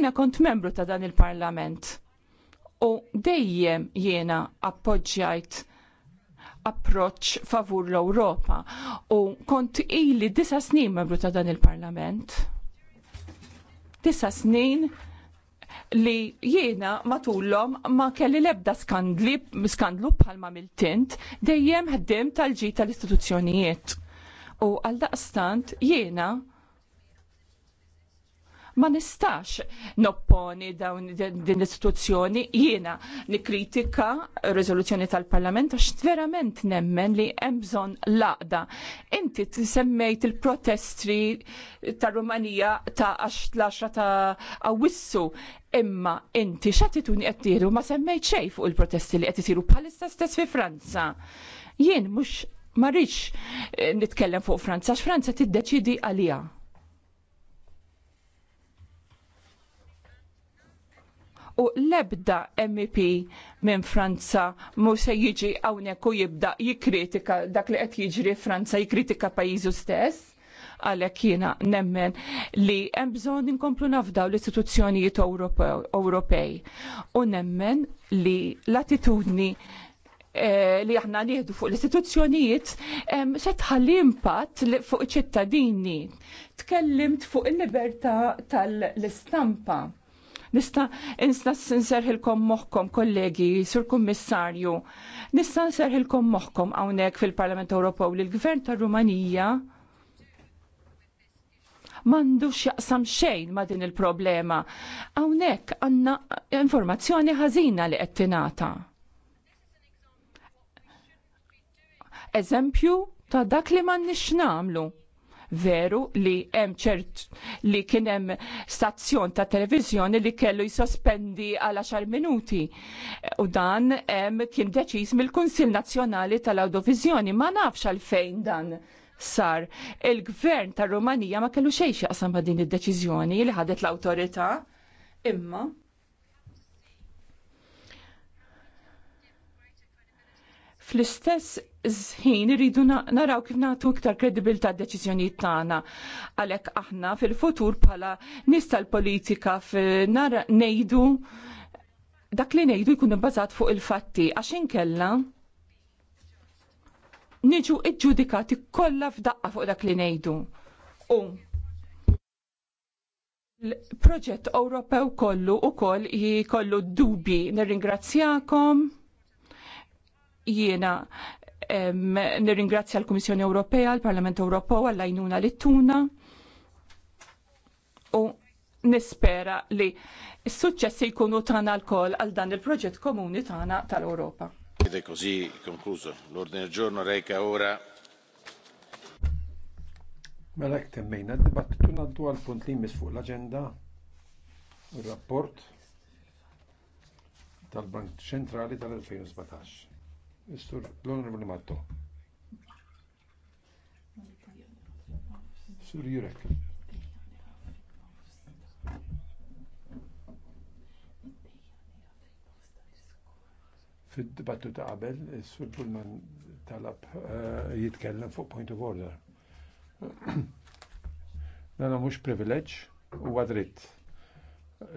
Jiena kont membru ta' dan il-Parlament u dejjem jiena appoġġjajt approċ favur l-Europa u kont ili disa snin membru ta' dan il-parlament. Disa snin li jiena matullom ma kelli lebda skandli, skandlu bħalma mill-tint dejjem ħeddim tal-ġi tal-istituzzjonijiet. U għal-daqstant jiena ma nistax nopponi dawn din l-istituzzjoni jiena nikritika riżoluzzjoni tal-Parlament għax verament nemmen li hemm bżonn laqda. Inti semmejt il-protestri ta' Rumanija ta' 10 ta' Awissu imma inti x'attituni qed tieħdu ma semmejt xej fuq il-protesti li qed isiru stess fi Franza. Jien mhux ma eh, nitkellem fuq Franza, x'Franza deċidi għalija u l-ebda MEP minn Franza mhux se jiġi hawnhekk u jibda jikkritika dak li qed jiġri Franza jikkritika pajizu stess għalhekk jiena nemmen li hemm bżonn inkomplu nafdaw l-istituzzjonijiet Ewropej u nemmen li l-attitudni eh, li aħna nieħdu fuq l-istituzzjonijiet se tħalli impatt fuq iċ-ċittadini. Tkellimt fuq il-libertà tal-istampa. Nista' insta nserħilkom moħħkom kollegi, sur kummissarju. Nista' nserħilkom moħħkom hawnhekk fil-Parlament Ewropew li l-Gvern tar-Rumanija mandux jaqsam xejn ma din il-problema. Hawnhekk għandna informazzjoni ħażina li qed tingħata. Eżempju ta' dak li man nix namlu. Veru li hemm ċert li kien hemm stazzjon ta' televiżjoni li kellu jsospendi għal 10 minuti. U dan hemm kien deċiż mill-Kunsill Nazzjonali tal awdovizjoni ma nafx għal fejn dan sar. Il-gvern tar-Rumanija ma kellu xejn xaqsam ma' din id-deċiżjoni li ħadet l-awtorità imma Fl-istess żħin rridu naraw kif nagħtu iktar kredibilità d-deċiżjonijiet tagħna. Għalhekk aħna fil-futur bħala nista l-politika ngħidu dak li ngħidu jkun ibbażat fuq il-fatti għax inkella niġu iġġudikati kollha f'daqqa fuq dak li ngħidu. U l-proġett Ewropew kollu u koll jikollu dubi. Nirringrazzjakom jiena nirringrazzja l-Kummissjoni Ewropea, l-Parlament Ewropew għall-għajnuna li tuna u nispera li s-suċċessi jkunu tagħna lkoll għal dan il-proġett komuni tagħna tal europa Ed così concluso. L'ordine del giorno reca ora Mela hekk temmejna d-dibattitu ngħaddu għal punt li jmiss fuq l-aġenda ir-rapport tal-Bank Ċentrali tal-2017. Mr. l-Onorevoli Matto. Sur Jurek. Fid-dibattu ta' qabel, Sur Pullman talab eh, jitkellem fuq point of order. Nana mhux privileġġ u għadritt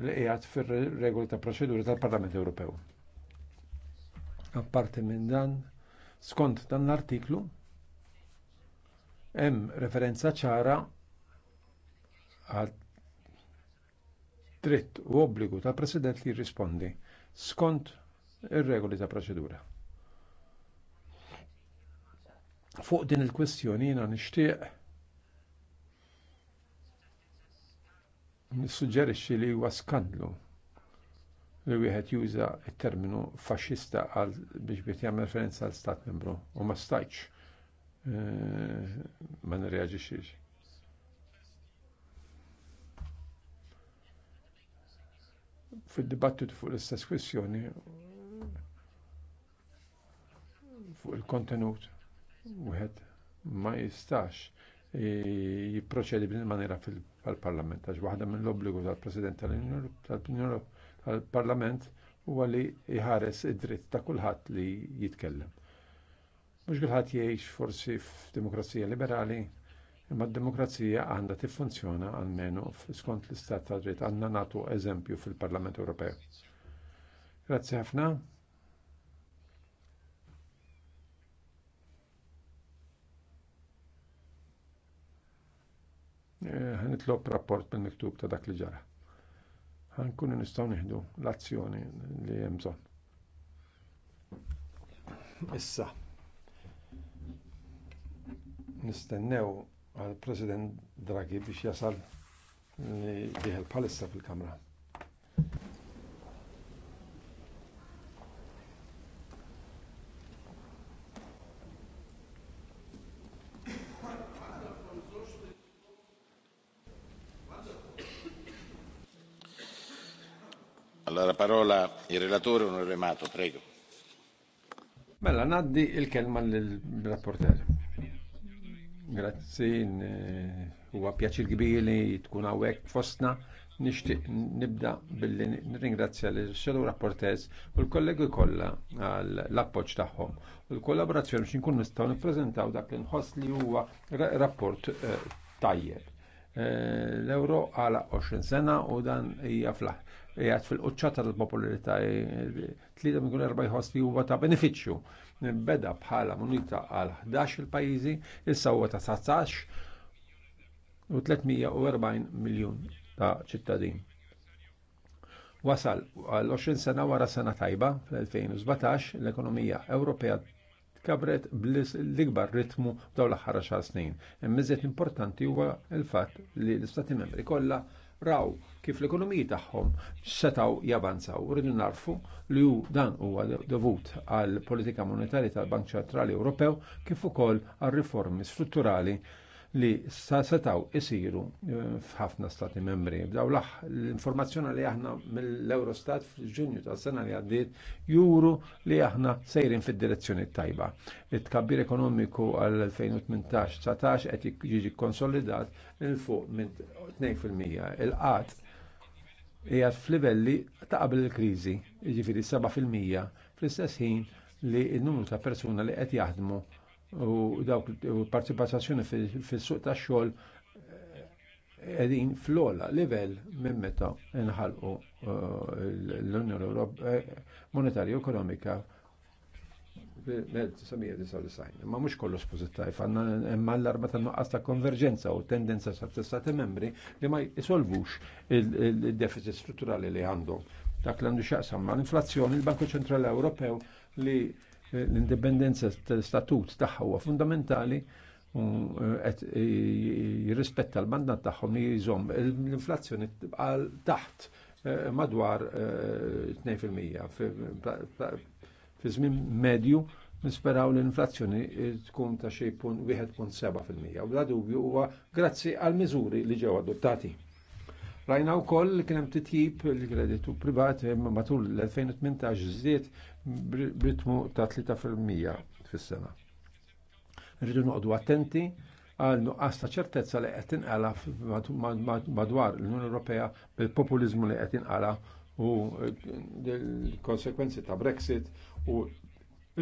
li qiegħed fir-regoli ta' proċedura tal-Parlament Ewropew. Apparti minn dan, skont dan l-artiklu, hemm referenza ċara għal dritt u obbligu tal president li jirrispondi skont ir-regoli ta' proċedura. Fuq din il-kwestjoni jiena nixtieq nissuġġerixxi li huwa skandlu li wieħed juża t-terminu faxxista għal biex biex jagħmel referenza għal stat membru u ma stajtx eh, ma nirreaġixxiex. Fid-dibattitu fuq l-istess kwistjoni fuq il-kontenut wieħed ma jistax eh, jipproċedi b'din maniera fil-Parlament għax waħda mill-obbligu tal-President tal-Unjoni għal-Parlament huwa li jħares id-dritt ta' kulħadd li jitkellem. Mhux kulħadd jgħix forsi f'demokrazija liberali, imma d-demokrazija għandha tiffunzjona għalmenu skont l-istat ta' dritt għandna nagħtu eżempju fil-Parlament Ewropew. Grazzi ħafna. Eh, ħanitlob rapport bil-miktub ta' dak li ġara ħankunu nistgħu nieħdu l-azzjoni li hemm bżonn. Issa nistennew għal President Draghi biex jasal li diħel palissa fil-Kamra. relatore prego. Mela, naddi il-kelma lill rapporter Grazzi, huwa pjaċir kbir li tkun hawnhekk fostna. Nixtieq nibda billi nringrazzja l xelu rapportez u l-kollegi kollha għall appoġġ tagħhom u l-kollaborazzjoni biex nkun nistgħu nippreżentaw dak li nħoss li huwa rapport eh, tajjeb Eh, l-euro għala 20 sena u dan hija flaħ. Jgħat fil-qċata tal-popolarità, eh, tlieta minn kull erba jħoss huwa ta' beneficju. Beda bħala munita għal 11 il-pajizi, issa huwa ta' 19 u 340 miljun ta' ċittadin. Wasal għal 20 sena wara sena tajba fl-2017 l-ekonomija Ewropea Kabret bliss l-ikbar ritmu daw l-aħħar xa' snin. Immiżiet importanti huwa l-fatt li l-Istati membri kollha raw kif l-ekonomiji tagħhom setaw javanzaw. Uridu narfu li hu dan huwa dovut għall politika monetarja tal-Bank Ċentrali Ewropew kif ukoll għar riformi strutturali li setaw isiru eh, f'ħafna stati membri. B'daw l-informazzjoni li aħna mill-Eurostat f'Ġunju ta' sena li għaddiet juru li aħna sejrin fid-direzzjoni tajba. It-kabbir ekonomiku għal 2018-19 qed jiġi konsolidat il fuq minn 2%. Il-qat hija f'livelli ta' qabel il-kriżi, jiġifieri 7% fl-istess ħin li n-numru ta' persuna li qed jaħdmu u dawk partipazazzjoni fil-suq ta' xogħol edin eh, fl ogħla livell minn meta nħalqu eh, l-Unjoni Ewropea eh, Monetarja Ekonomika fil-1999. Ma mhux kollu spozittaj, fanna imma l arba ta' nuqqas ta' konverġenza u tendenza sa' tistati membri li ma jisolvux il-deficit strutturali li għandhom. Dak l-għandu xaqsam ma' l-inflazzjoni, il-Banku Ċentrali Ewropew li l-indipendenza tal-statut tagħha huwa fundamentali eh, qed eh, jirrispetta l-mandat tagħhom li jżomm l-inflazzjoni tibqa' taħt eh, madwar 2% fi żmien medju nisperaw l-inflazzjoni tkun ta' xi 1.7 fil-mija u bla dubju huwa grazzi għal miżuri li ġew adottati. Rajna wkoll li kien hemm titjib il-kreditu privat eh, matul l-2018 żied b'ritmu ta' 3% fis-sena. Rridu noqogħdu attenti għal nuqqas ta' ċertezza li qed inqala madwar l-Unjoni Ewropea bil-populiżmu li qed inqala u eh, l-konsekwenzi ta' Brexit u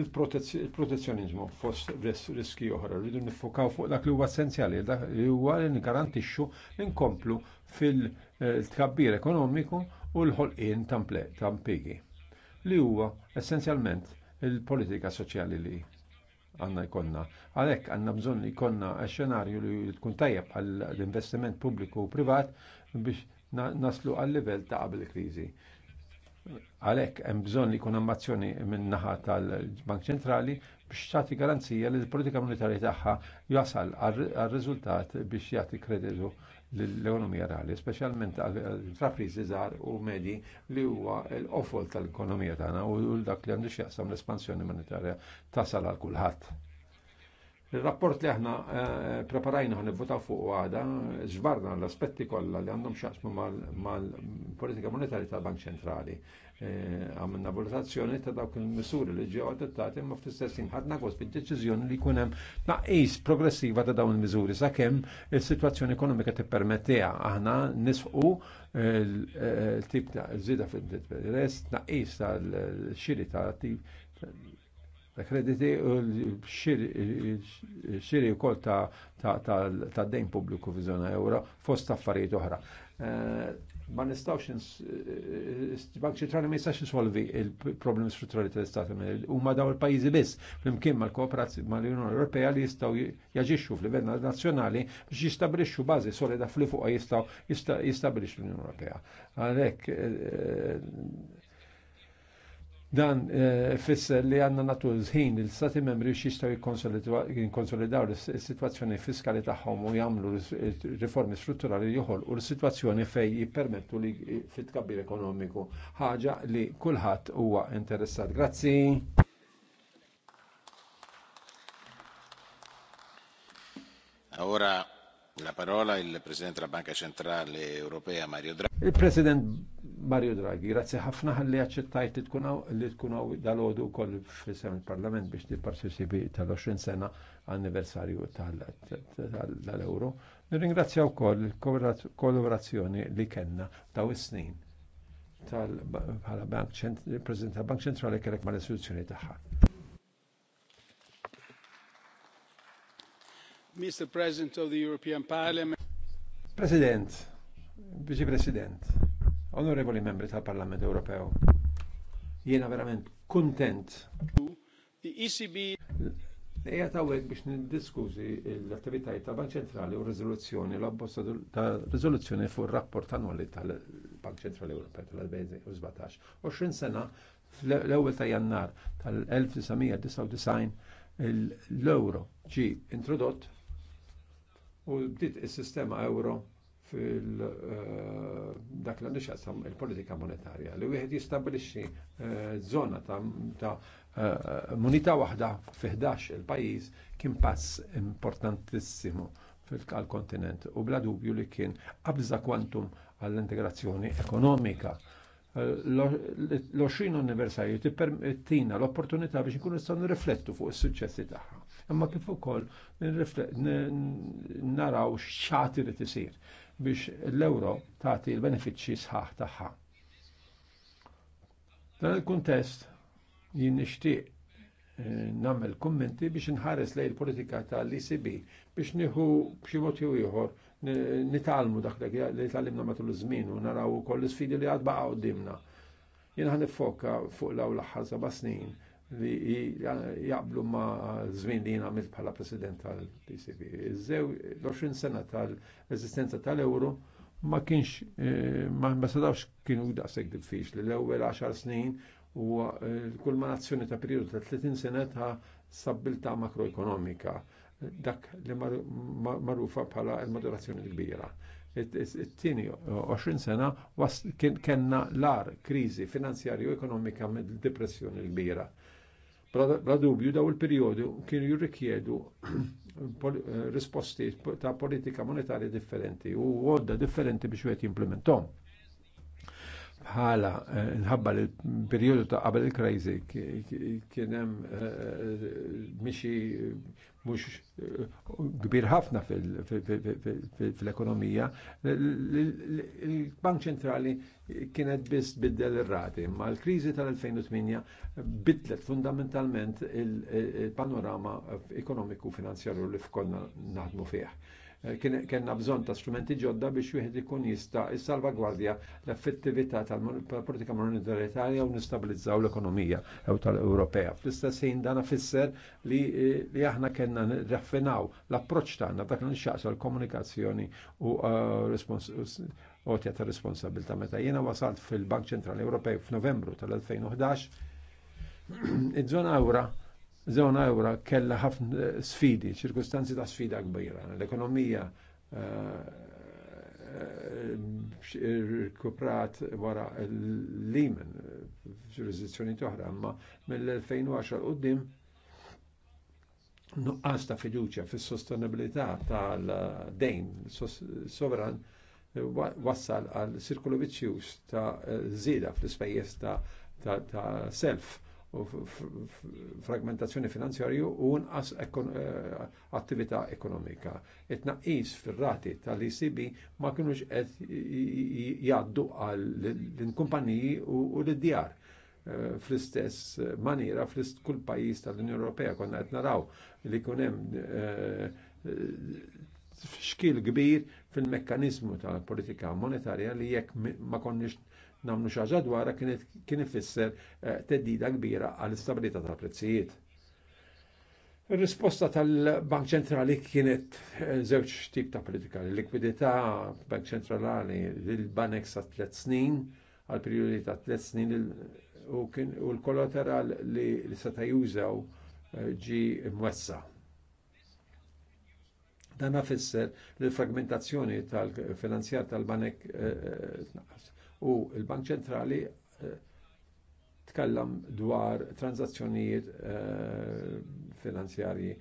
il-protezzjonizmu fost riski oħra. Rridu nifokaw fuq dak li huwa essenzjali, dak li huwa li ngarantixxu inkomplu fil- Eh, l-tkabbir ekonomiku u l-ħolqien ta' li huwa essenzjalment il-politika soċjali li għanna jkonna. Għalek għanna bżon li jkonna xenarju li tkun tajjeb għall-investiment pubbliku u privat biex naslu għal-level ta' qabel krizi. Għalek hemm bżon li jkun ammazzjoni minn naħa tal-Bank Ċentrali biex tagħti garanzija li l-politika monetarja tagħha jasal għal-riżultat biex jagħti kreditu l-ekonomija reali, specialment intrapriżi żgħar u medji li huwa l-qofol tal-ekonomija tagħna u dak li għandu x'jaqsam l-espansjoni monetarja tasal għal kulħadd. Il-rapport li aħna eh, preparajna għan votaw fuq għada, ġbarna l-aspetti kollha li għandhom xaqsmu mal-politika monetarja tal-Bank Ċentrali. Eh, Għamna valutazzjoni ta' dawk il-misuri li ġew adottati imma fl-istess ħadna għos bil deċiżjoni li jkun hemm naqis progressiva ta' dawn il-miżuri sakemm is-sitwazzjoni ekonomika tippermettiha aħna nisqu eh, tip ta' zida fil-rest naqis tal-xiri ta' ta' krediti u l-xiri u kol ta' dejn publiku fi zona euro fost affarijiet oħra eh, ma nistawx eh, Bank ċentrali ma jistax solvi il problem strutturali tal-Istati Uniti. Huma daw il-pajjiżi biss flimkien mal-kooperazzjoni mal-Unjoni Ewropea li jistgħu jaġixxu f'livell nazzjonali biex jistabrixxu bażi solida fl fuqha jistgħu jistabrixxu l-Unjoni Ewropea. Għalhekk eh, Dan eh, fisser li għanna natu zħin li l-stati membri xistaw jikonsolidaw is situazzjoni fiskali tagħhom u jagħmlu riformi strutturali joħol u l-situazzjoni fej jippermettu li fit kabbir ekonomiku ħaġa li kulħadd huwa interessat. Grazzi. Ora La parola il President della Banca Centrale Europea Mario Draghi. Il-President Mario Draghi, grazzi ħafna ħalli aċċettajt li tkun li tkun dal-għodu koll fissem il-Parlament biex tipparteċipi tal-20 sena anniversarju tal-euro. Nirringrazzjaw kol il-kollaborazzjoni li kenna ta' is-snin tal-Bank Centrali, Bank Centrali kellek mal-istituzzjoni tagħha. Mr. President of the European Parliament. President, Vice President, onorevoli membri tal-Parlament Europeo, jiena verament kontent. The ECB Eja tawek biex nindiskużi l-attivitajiet ta' Bank Centrali u rizoluzzjoni l-abbosta ta' rizoluzzjoni fuq rapport annwali tal-Bank Centrali Ewropew tal-2017. 20 sena l ewwel ta' Jannar tal-1999 l-euro ġi introdott u bdiet is-sistema euro fil dak l nixqasam il-politika monetarja li wieħed jistabbilixxi żona ta' munita waħda fi 11 il-pajjiż kien pass importantissimu fil-kontinent u bla dubju li kien abza kwantum għall-integrazzjoni ekonomika l-20 anniversarju tippermettina l-opportunità biex ikunu nistgħu nirriflettu fuq is-suċċessi tagħha imma kif ukoll naraw x'ħati li tisir biex l-euro tagħti l-benefiċċji sħaħ tagħha. Dan il-kuntest jien nixtieq eh, nagħmel kummenti biex nħares lejn il-politika tal-ECB biex nieħu b'xi mod jew ieħor nitalmu dak li tgħallimna matul iż-żmien u naraw ukoll l-isfidi li għad baqa' qudiemna. Jien ħanifoka nifoka fuq l-awl aħħar seba' snin li jaqblu ma żmien li jina bħala president tal pcb Zew, l-20 sena tal-eżistenza tal-euro ma kienx eh, ma sadawx kienu daqshekk diffiċ li l-ewwel 10 snin u l-kulminazzjoni eh, ta' periodu ta' 30 sena ta' sabbilta makroekonomika dak li marrufa bħala l-moderazzjoni kbira it-tini 20 sena was lar krizi finanzjarju ekonomika mid depressjoni l Bla dubju daw il-perjodu kienu jirrikjedu eh, risposti ta' politika monetarja differenti u għodda differenti biex wieħed jimplementom bħala eh, nħabba l-periodu ta' qabel il-krajzi kien hemm eh, mixi eh, mhux kbir ħafna fil-ekonomija, il-Bank Ċentrali kienet biss biddel ir-rati, ma l-kriżi tal-2008 bidlet fundamentalment il-panorama ekonomiku finanzjarju li fkonna naħdmu fih Kenna bżonn ta' strumenti ġodda biex wieħed ikun jista' is-salvagwardja, l-effettività tal-politika monetarja u nistabilizzaw l-ekonomija tal-Ewropea. Fl-istess ħin dan fisser li aħna kellna nirraffinaw l-approċċ tagħna dak li l-komunikazzjoni u uh, għotja ta' responsabilta meta jiena wasalt fil-Bank Ċentrali Ewropej f'Novembru tal-2011 iż-żona ewra zona eura kella ħafna eh, sfidi, ċirkustanzi ta' sfida kbira. L-ekonomija eh, eh, rikuprat wara l-Lehman ġurisdizzjoni toħra, ma mill-2010 għoddim nuqqas ta' fiduċja fis sostenibilità tal-dejn sovran wassal għal sirkulu vizzjuż ta' zida fl-ispejjeż ta' self u fragmentazzjoni finanzjarju u nqas eh, attività ekonomika. It-naqis fir-rati tal-ECB ma kienux qed jgħaddu għal kumpaniji u l-djar eh, fl-istess maniera fl-ist kull pajjiż tal-Unjoni Ewropea konna qed naraw li kun hemm eh, xkil kbir fil-mekkanizmu tal-politika monetarja li jekk ma konniex namlu xaġa dwarha kien ifisser eh, teddida kbira għall-istabilità tal-prezzijiet. Il-risposta tal-Bank Ċentrali kienet eh, żewġ tip ta' politika. L-likwidità Bank Ċentrali l-banek sa' tliet snin, għal periodi ta' tliet snin u l-kollateral li seta' jużaw eh, ġi mwessa. Dan fisser li l-fragmentazzjoni tal-finanzjar tal-banek u l-Bank Ċentrali eh, tkellem dwar tranzazzjonijiet eh, finanzjarji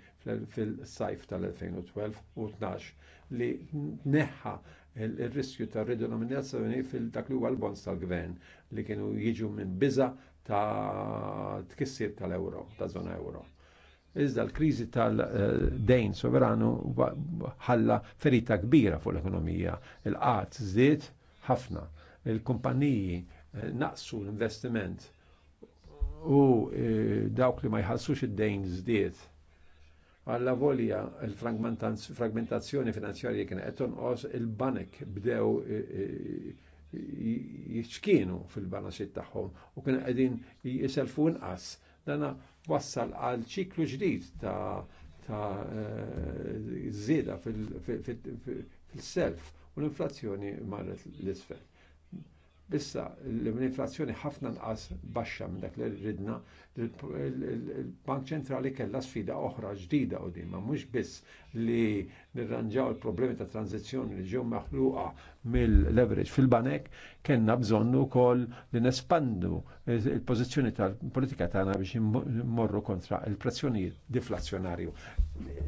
fil-sajf tal-2012 u 12 li neħħa il-riskju ta' ridenominazzjoni fil-dak li huwa l-bonds tal-gvern li kienu jiġu minn biża ta' tkissir tal-euro, ta' zona euro. Iżda l-kriżi tal-dejn soveranu ħalla ferita kbira fuq l-ekonomija. Il-qat żdied ħafna il-kumpaniji naqsu l-investiment u dawk li ma jħassux id-dejn żdied għalla volja il-fragmentazzjoni finanzjarja kien qed tonqos il-banek bdew jiċkienu fil-banaxit tagħhom u kien qegħdin jiselfu inqas. Dana wassal għal ċiklu ġdid ta' ta' żieda fil-self u l-inflazzjoni marret l-isfel. Bissa l-inflazzjoni ħafna nqas baxxa minn dak li ridna, il-Bank Ċentrali kellha sfida oħra ġdida u ma mhux biss li nirranġaw il-problemi ta' tranzizzjoni li ġew maħluqa mill-leverage fil-banek, kellna bżonnu wkoll li nespandu il-pożizzjoni tal-politika tagħna biex immorru kontra il-pressjonijiet deflazzjonarju.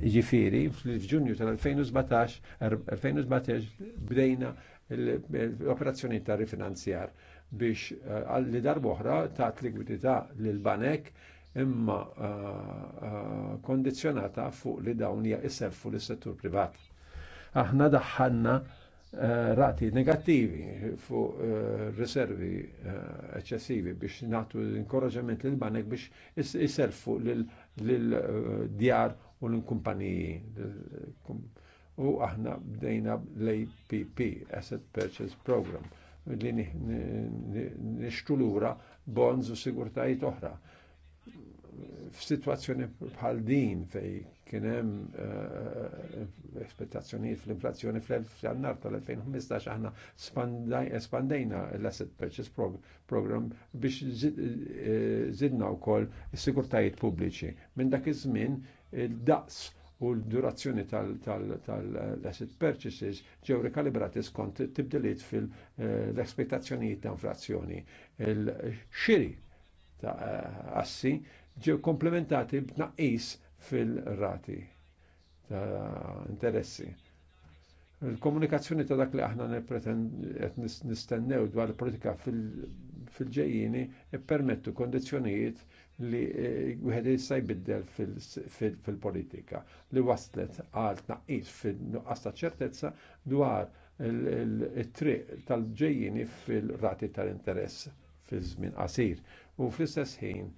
Ġifieri, ġunju tal-2017 er-, bdejna l-operazzjoni ta' rifinanzjar biex eh, li darboħra ta' likwidità l banek imma eh, eh, kondizjonata fuq li dawn jiseffu lis settur privat. Aħna daħħanna rati negattivi fuq riservi eccessivi biex nagħtu inkoraġġament l banek biex jiselfu lil djar u l-kumpaniji u aħna bdejna l-APP, Asset Purchase Program, li l-ura bonds u sigurtajiet oħra. F'sitwazzjoni bħal din fej kienem hemm espettazzjoni eh, fl-inflazzjoni fl-jannar tal-2015 aħna spandejna l-asset purchase program biex eh, zidna wkoll kol sigurtajiet pubbliċi. Minn dak iż-żmien il-daqs u l-durazzjoni tal-asset purchases ġew rekalibrati skont tibdiliet fil-aspettazzjonijiet eh, ta' inflazzjoni. Il-xiri ta' assi ġew komplementati b'tnaqqis fil-rati ta' interessi. Il-komunikazzjoni ta' dak li aħna nistennew dwar il-politika fil-ġejjini permettu kondizjonijiet li eh, wieħed jista' jbiddel fil-politika li waslet għal tnaqqis fil nuqqas ta' ċertezza dwar it-triq tal-ġejjini fil-rati tal-interess fil żmien qasir u fl-istess ħin eh,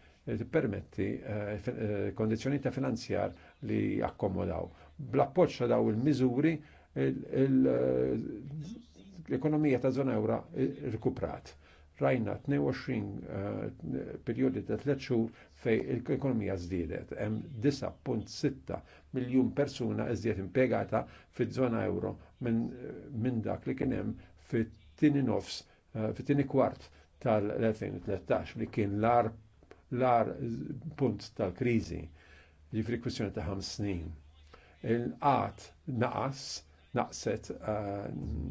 permetti eh, kondizzjoni ta' finanzjar li jakkomodaw. bl appoċ ta' daw il-miżuri l-ekonomija ta' zona ewra rkuprat rajna 22 eh, periodi ta' 3 xhur fej l-ekonomija żdiedet. Hemm 9.6 miljun persuna iżjed impjegata fiż-żona euro minn eh, dak li kien hemm fit-tieni nofs eh, fit-tieni kwart tal-2013 li kien l-ar l-ar punt tal-kriżi ġifri kwistjoni ta' 5 snin. Il-qat naqas naqset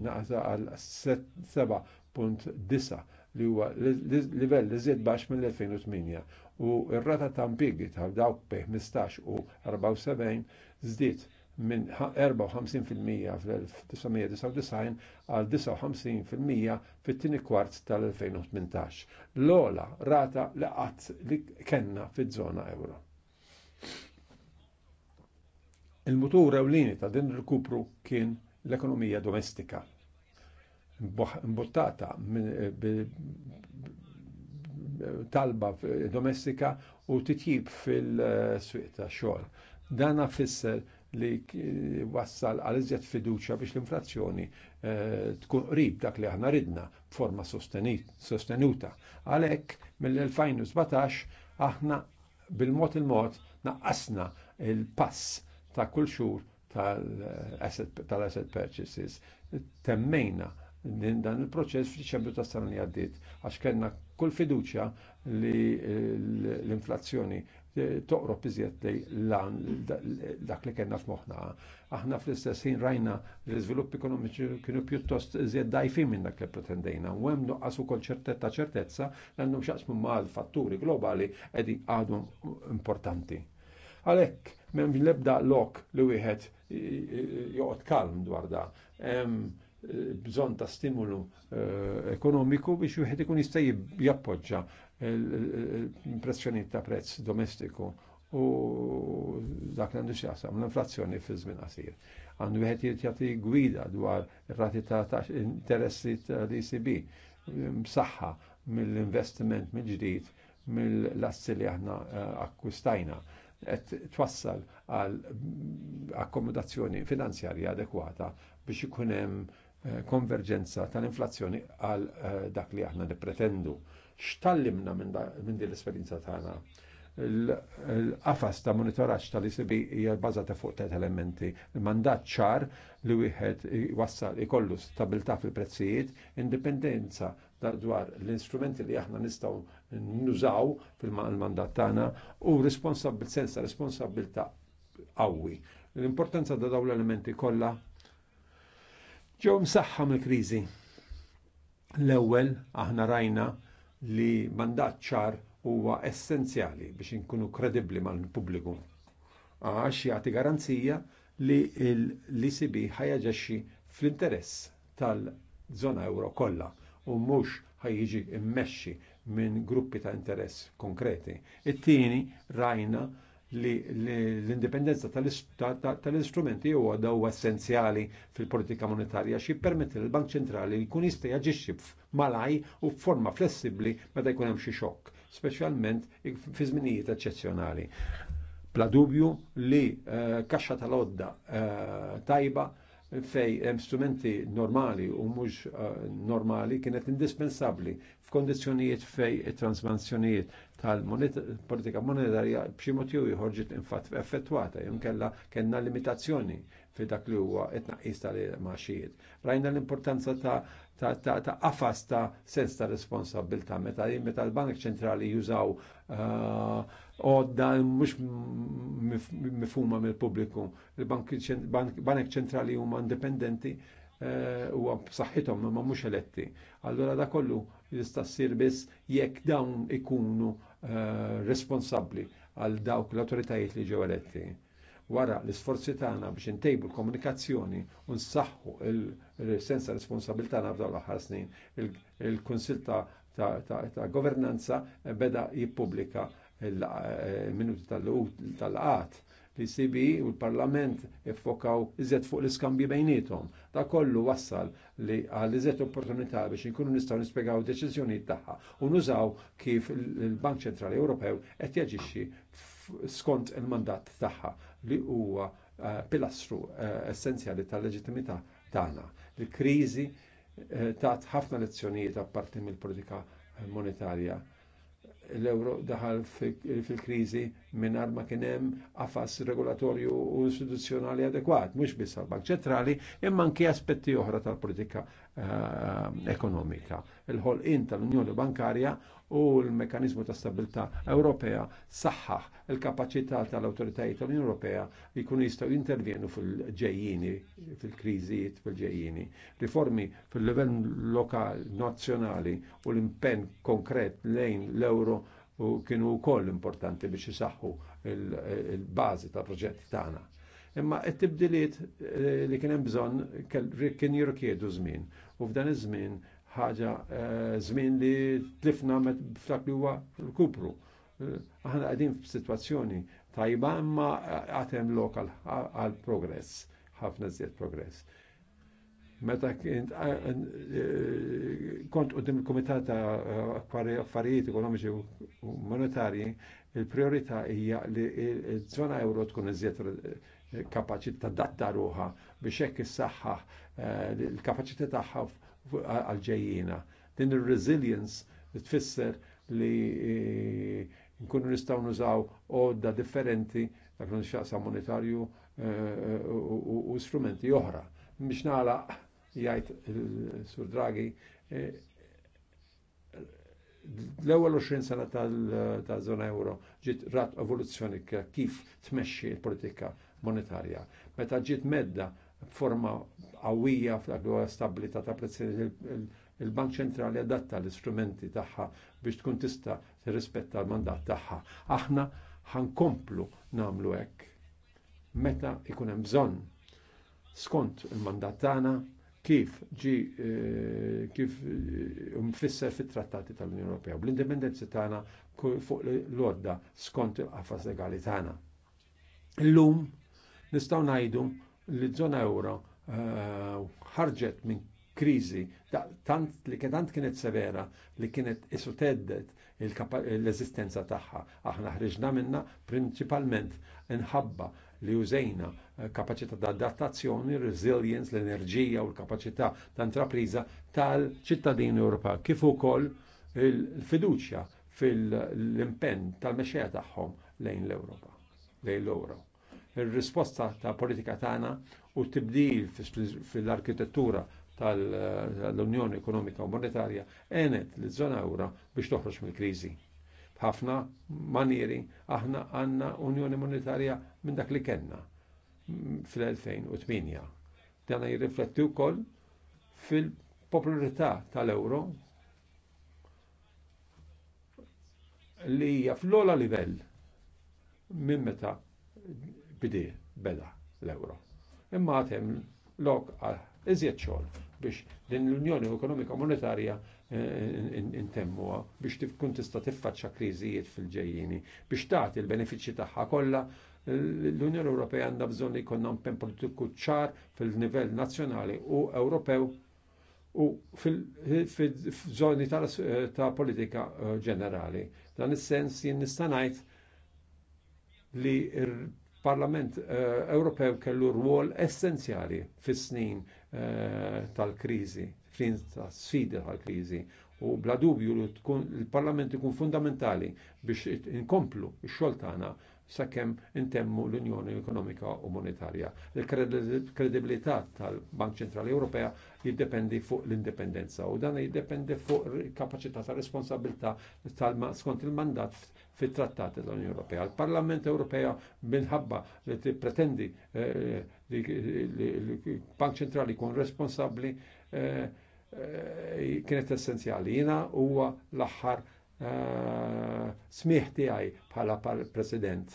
naqsa għal 7.9 li huwa livell li żied baxx mill-2008 u r-rata ta' impjiegi ta' dawk bej 15 u 74 żdiet minn 54% fl-1999 għal 59% fit-tieni kwart tal-2018. L-ola rata li qatt li kellna fiż-żona euro. Il-mutur ewlieni ta' din rikupru kien l-ekonomija domestika imbottata eh, talba domestika u titjib fil-swieq ta' xogħol. Dan affisser li wassal għal iżjed fiduċja biex l-inflazzjoni eh, tkun qrib dak li aħna ridna b'forma sostenuta. Għalhekk mill-2017 aħna bil-mod il-mod naqqasna il-pass ta' kull xhur eh, tal-asset purchases. Temmejna dan il-proċess f'Diċembru ta' s-sana li għaddiet għax kellna kull fiduċja li l-inflazzjoni toqrob iżjed lej lan dak li kellna f'moħħna. Aħna fl-istess ħin rajna li l-iżvilupp ekonomiċi kienu pjuttost iżjed dajfi minn dak li pretendejna. U hemm nuqqas ukoll ċertetta ċertezza għandhom xaqsmu mal fatturi globali qegħdin għadhom importanti. Għalhekk m'hemm l-ebda lok li wieħed joqgħod kalm dwar da bżon ta' stimulu eh, ekonomiku biex wieħed ikun jista' jappoġġa l-pressjoni ta' prezz domestiku u dak li għandu xjasam l-inflazzjoni fi żmien qasir. Għandu wieħed jagħti gwida dwar ir-rati ta' interessi tal-ECB msaħħa mill-investiment mill-ġdid mill lassi li aħna eh, akkwistajna qed twassal għal akkomodazzjoni finanzjarja adekwata biex ikun hemm Eh, konverġenza tal-inflazzjoni għal eh, dak li aħna nippretendu. X'tallimna minn din l-esperjenza tagħna? l-qafas ta' monitoraġġ tal-ICB hija bbażata fuq tet elementi. Il-mandat ċar li wieħed wassal ikollu stabilità fil-prezzijiet, indipendenza dwar l-instrumenti li aħna nistgħu nużaw fil-mandat tagħna u responsabil senza responsabilta qawwi. L-importanza ta' dawn l-elementi kollha ġew msaħħa mill-kriżi. L-ewwel aħna rajna li mandat ċar huwa essenzjali biex inkunu kredibbli mal-pubbliku. Għax jagħti garanzija li l-ECB ħajaġaxxi fl-interess tal-żona euro kollha u mhux ħajjiġi mmexxi minn gruppi ta' interess konkreti. It-tieni rajna li l-indipendenza tal-istrumenti huwa daw essenzjali fil-politika monetarja xi permetti l bank ċentrali li jkun jista' jaġixxi malaj u f'forma flessibbli meta jkun hemm xi xokk, speċjalment fi żminijiet eċċezzjonali. Bla dubju li eh, kaxxa tal-odda eh, tajba fej strumenti normali u mhux eh, normali kienet indispensabbli f'kondizzjonijiet fej it transmansjonijiet tal-politika monetarja b'xi mod jħorġit infatt effettwata jew kellha kellna limitazzjoni fi dak li huwa t-naqqis tal-maxijiet. Rajna l-importanza ta' ta' ta' ta' qafas ta' sens ta' responsabilta' meta meta l-Bank Ċentrali jużaw eh, għodda mhux mifhuma mill-pubbliku. Il-Banek Ċentrali huma indipendenti eh, u b'saħħithom ma mhux eletti. Allura da kollu jista' ssir biss jekk dawn ikunu eh, responsabbli għal dawk l-awtoritajiet li ġew eletti wara l-isforzi tagħna biex intejbu l-komunikazzjoni u nsaħħu il sensa ta' responsabilità f'dawn l-aħħar snin. Il-Kunsill ta' Governanza beda jippubblika il-minuti eh, tal-qat li sibi u l-parlament iffokaw iżet fuq l-iskambji bejnietom. Da kollu wassal li għal iżet opportunità biex inkunu nistaw nispjegaw deċizjoni tagħha u nużaw kif il-Bank Ċentrali Ewropew qed jaġixxi skont il-mandat tagħha li huwa eh, pilastru eh, essenzjali tal-leġittimità tagħna. Il-kriżi tat ħafna lezzjonijiet apparti mill-politika monetarja l-euro daħal fil-krizi fil kriżi mingħajr ma kien hemm qafas regolatorju u istituzzjonali adekwat, mhux biss għall-Bank Ċentrali, imma anke aspetti oħra tal-politika eh, ekonomika. Il-ħolqien tal-Unjoni Bankarja u l-mekanizmu ta' stabilità Ewropea saħħaħ il kapaċità tal-autoritajiet tal-Unjoni Ewropea li jkunu jistgħu jintervjenu fil-ġejjini, fil-kriżijiet fil-ġejjini. Riformi fil-livell lokal, nazzjonali u l-impenn konkret lejn l-euro u kienu wkoll importanti biex isaħħu il-bażi ta' proġett tagħna. Imma t-tibdiliet li kien hemm bżonn kien jirkiedu żmien u f'dan iż-żmien ħaġa żmien li tlifna f'dak li huwa l-kupru. Aħna qegħdin f'sitwazzjoni tajba imma għatem lokal għal progress, ħafna żjed progress. Meta kint e, kont qudiem il komitata ta' Affarijiet Ekonomiċi u Monetarji, il-priorità hija li il żona euro tkun iżjed kapaċi tadatta ruha biex hekk is-saħħa e, l-kapaċità tagħha għal-ġejjina. Din ir-resilience tfisser li e, nkunu nistgħu nużaw għodda differenti dak xaqsa monetarju u strumenti oħra. Biex nagħlaq jgħid eh, sur Draghi eh, l-ewwel 20 sena tal eh, zona euro ġiet rat evoluzzjoni kif tmexxi l-politika monetarja. Meta ġiet medda forma qawwija fl li stabilità ta' prezzi il-Bank Ċentrali adatta l-istrumenti tagħha biex tkun tista' tirrispetta l-mandat tagħha. Aħna ħankomplu nagħmlu hekk meta ikun hemm bżonn skont il-mandat tagħna kif ġi eh, kif eh, mfisser fit-trattati tal-Unjoni Ewropea bl l-indipendenzi tagħna fuq l-għodda skont il-qafas legali tagħna. Illum nistgħu ngħidu li żona euro eh, ħarġet minn kriżi tant li tant kienet severa li kienet isuteddet l-eżistenza tagħha. Aħna ħriġna minna prinċipalment inħabba li użejna kapaċità ta' adattazzjoni, resilience, l-enerġija u l-kapaċità ta' intrapriża tal-ċittadini Ewropa, kif ukoll il-fiduċja fil-impenn tal-mexxejja tagħhom lejn l-Ewropa, lejn l-Ewro. Ir-risposta ta' politika tagħna u tibdil fil-arkitettura tal-Unjoni Ekonomika u Monetarja għenet li żona Ewro biex toħroġ mill-kriżi. B'ħafna manieri aħna għandna Unjoni Monetarja minn dak li kellna fil-2008. Dan jirrifletti wkoll fil-popolarità tal-euro li hija fl-ola livell minn meta bidi beda l-euro. Imma għatem lok għal iżjed xogħol biex din l-Unjoni Ekonomika Monetarja eh, intemmuha biex tkun tista' tiffaċċa kriżijiet fil-ġejjini biex tagħti l-benefiċċji tagħha kollha L-Unjoni Ewropea għandha bżonn li jkollna pen politiku ċar fil-nivell nazzjonali u Ewropew u fil-żoni ta' politika eh, ġenerali. Dan is-sens jien nista' ngħid li Parlament eh, Ewropew kellu rwol essenzjali fis-snin eh, tal-kriżi, fin ta' sfida tal-kriżi. U bla dubju li il-Parlament ikun fundamentali biex inkomplu x-xogħol tagħna sakemm intemmu l-Unjoni Ekonomika u Monetarja. Il-kredibilità tal-Bank Ċentrali Ewropea jiddependi fuq l-indipendenza u dan jiddependi fuq kapacità ta' responsabilità skont il-mandat fit-trattati tal-Unjoni Ewropea. Il-Parlament Ewropea minħabba li pretendi eh, li l-Bank Ċentrali kun responsabbli eh, eh, kienet essenzjali. Jina huwa l-aħħar Eh, smieħ tiegħi bħala president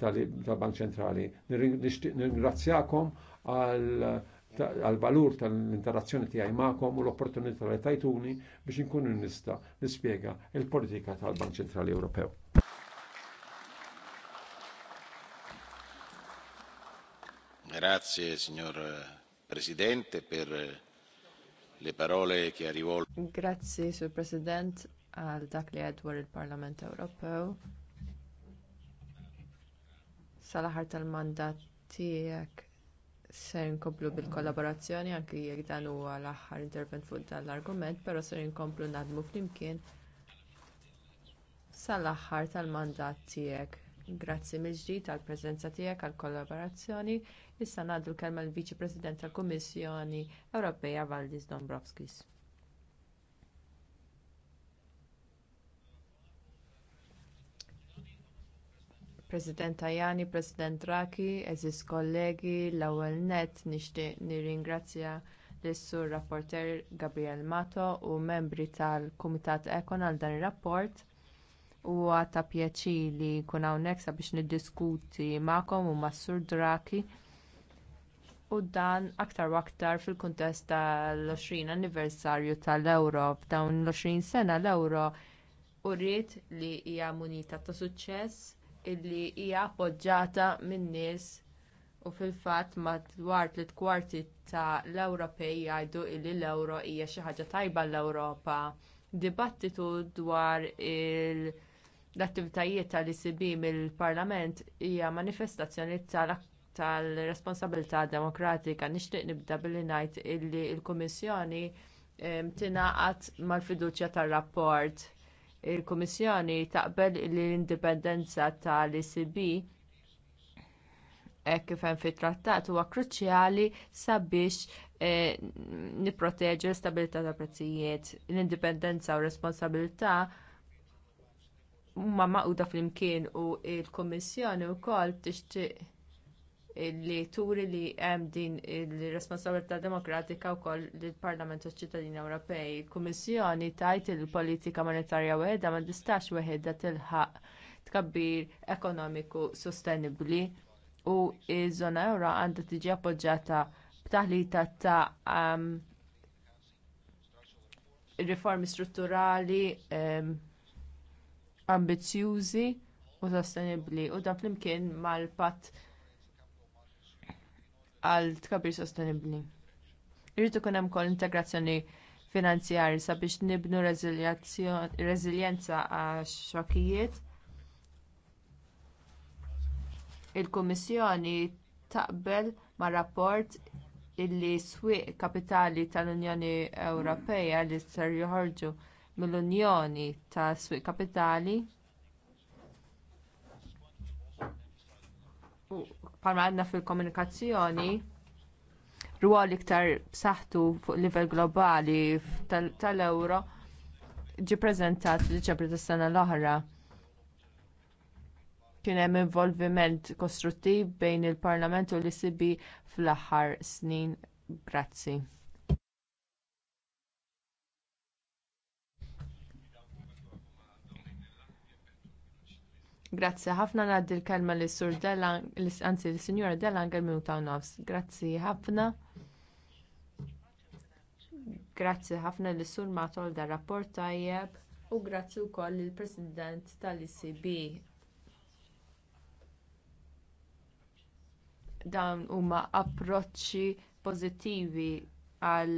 tal-Bank Ċentrali. Nirringrazzjakom għal valur tal-interazzjoni tiegħi magħkom u l-opportunità li tajtuni biex inkun nista' nispjega l politika tal-Bank Ċentrali Ewropew. Grazie signor Presidente per le parole che ha rivolto. Grazie, Sur President, għal dak li dwar il-Parlament Ewropew sal-aħħar tal-mandat tiegħek se inkomplu bil-kollaborazzjoni anki jekk dan huwa l-aħħar intervent fuq dan l-argument, però se nkomplu naħdmu flimkien sal-aħħar tal-mandat tiegħek. Grazzi mill-ġdid għall preżenza tiegħek għall kollaborazzjoni. Issa ngħaddu l-kelma l-Viċi President tal-Kummissjoni Ewropea Valdis Dombrovskis. President Tajani, President Raki, eżis kollegi, l-ewwel nett nixtieq nirringrazzja lis-sur rapporter Gabriel Mato u membri tal-Kumitat Ekon għal dan ir-rapport huwa ta' pjaċir li jkun hawnhekk sabiex niddiskuti magħkom u mas-sur Draki. u dan aktar u aktar fil-kuntest tal-20 anniversarju tal-Ewro f'dawn l-20 sena l-Ewro uriet li hija munita ta' suċċess illi hija appoġġjata min-nies u fil-fatt madwar tliet kwarti tal ewropej jgħidu li l ewro hija xi ħaġa tajba l-Ewropa. Dibattitu dwar l-attivitajiet tal ecb mill-Parlament hija manifestazzjoni tal-responsabilità demokratika. Nixtieq nibda billi ngħid illi l-Kummissjoni ehm, tingħaqad mal-fiduċja tar-rapport il-Kummissjoni taqbel li l-indipendenza tal-ECB hekk kif hemm fit-trattat huwa kruċjali sabiex eh, nipproteġu l-istabilità tal prezzijiet. L-indipendenza u responsabilità huma maquda flimkien u l-Kummissjoni wkoll tixtieq li turi li hemm din ir-responsabilità demokratika wkoll lill-Parlament u ċ-ċittadini Ewropej. Il-Kummissjoni tgħid il-politika monetarja waħedha ma tistax weħedha tilħaq tkabbir ekonomiku sostenibbli u ż-żona ewra għandha tiġi appoġġjata b'taħlita ta' ehm, riformi strutturali ehm, ambizzjużi u sostenibbli u dan flimkien mal-patt għal tkabbir sostenibbli. Irrid ikun hemm ukoll integrazzjoni finanzjari sabiex nibnu reżiljenza għax xokkijiet. Il-Kummissjoni taqbel mar rapport illi swieq kapitali tal-Unjoni Ewropea li ser joħorġu mill-Unjoni ta' swieq kapitali palma għadna fil-komunikazzjoni ruol iktar b'saħħtu fuq livell globali tal ewro ġie ppreżentat li ċabri tas-sena l-oħra. Kien hemm involviment kostruttiv bejn il-Parlament u l-ICB fl-aħħar snin. Grazzi. Grazzi ħafna ngħaddi l-kelma lis sur Delang, anzi l-Sinjora Delang il-minuta nofs. Grazzi ħafna. Grazzi ħafna lis sur Matol dar rapport tajjeb u grazzi wkoll lill president tal-ECB. Dawn huma approċċi pożittivi għal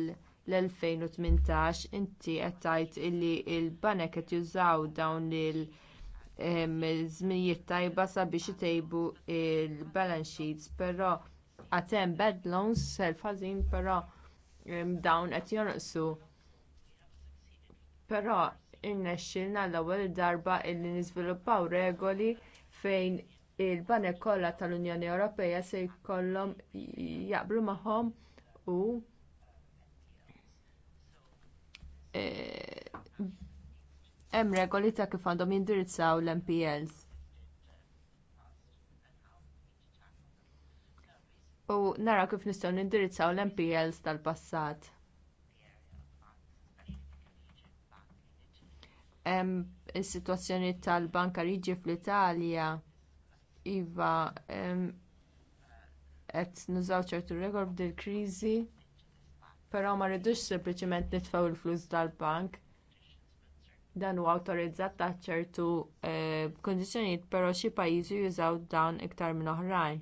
l-2018 inti qed tgħid illi l-banek qed jużaw dawn il- żmijiet tajba sabiex itejbu l balance sheets, però għad hemm bad loans self ħażin però dawn qed jonqsu. Però irnexxilna l-ewwel darba illi niżviluppaw regoli fejn il-banek kollha tal-Unjoni Ewropea se jkollhom jaqblu magħhom u e, hemm regoli ta' kif għandhom jindirizzaw l-MPLs. U nara kif nistgħu nindirizzaw l-MPLs tal-passat. Hemm is-sitwazzjoni tal-Banka Riġi fl-Italja iva qed nużaw ċertu regol b'dil kriżi, però ma rridux sempliċement nitfgħu l-flus tal-bank dan huwa awtorizzat taħt ċertu eh, kundizzjonijiet però xi pajjiżi jużaw dawn iktar minn oħrajn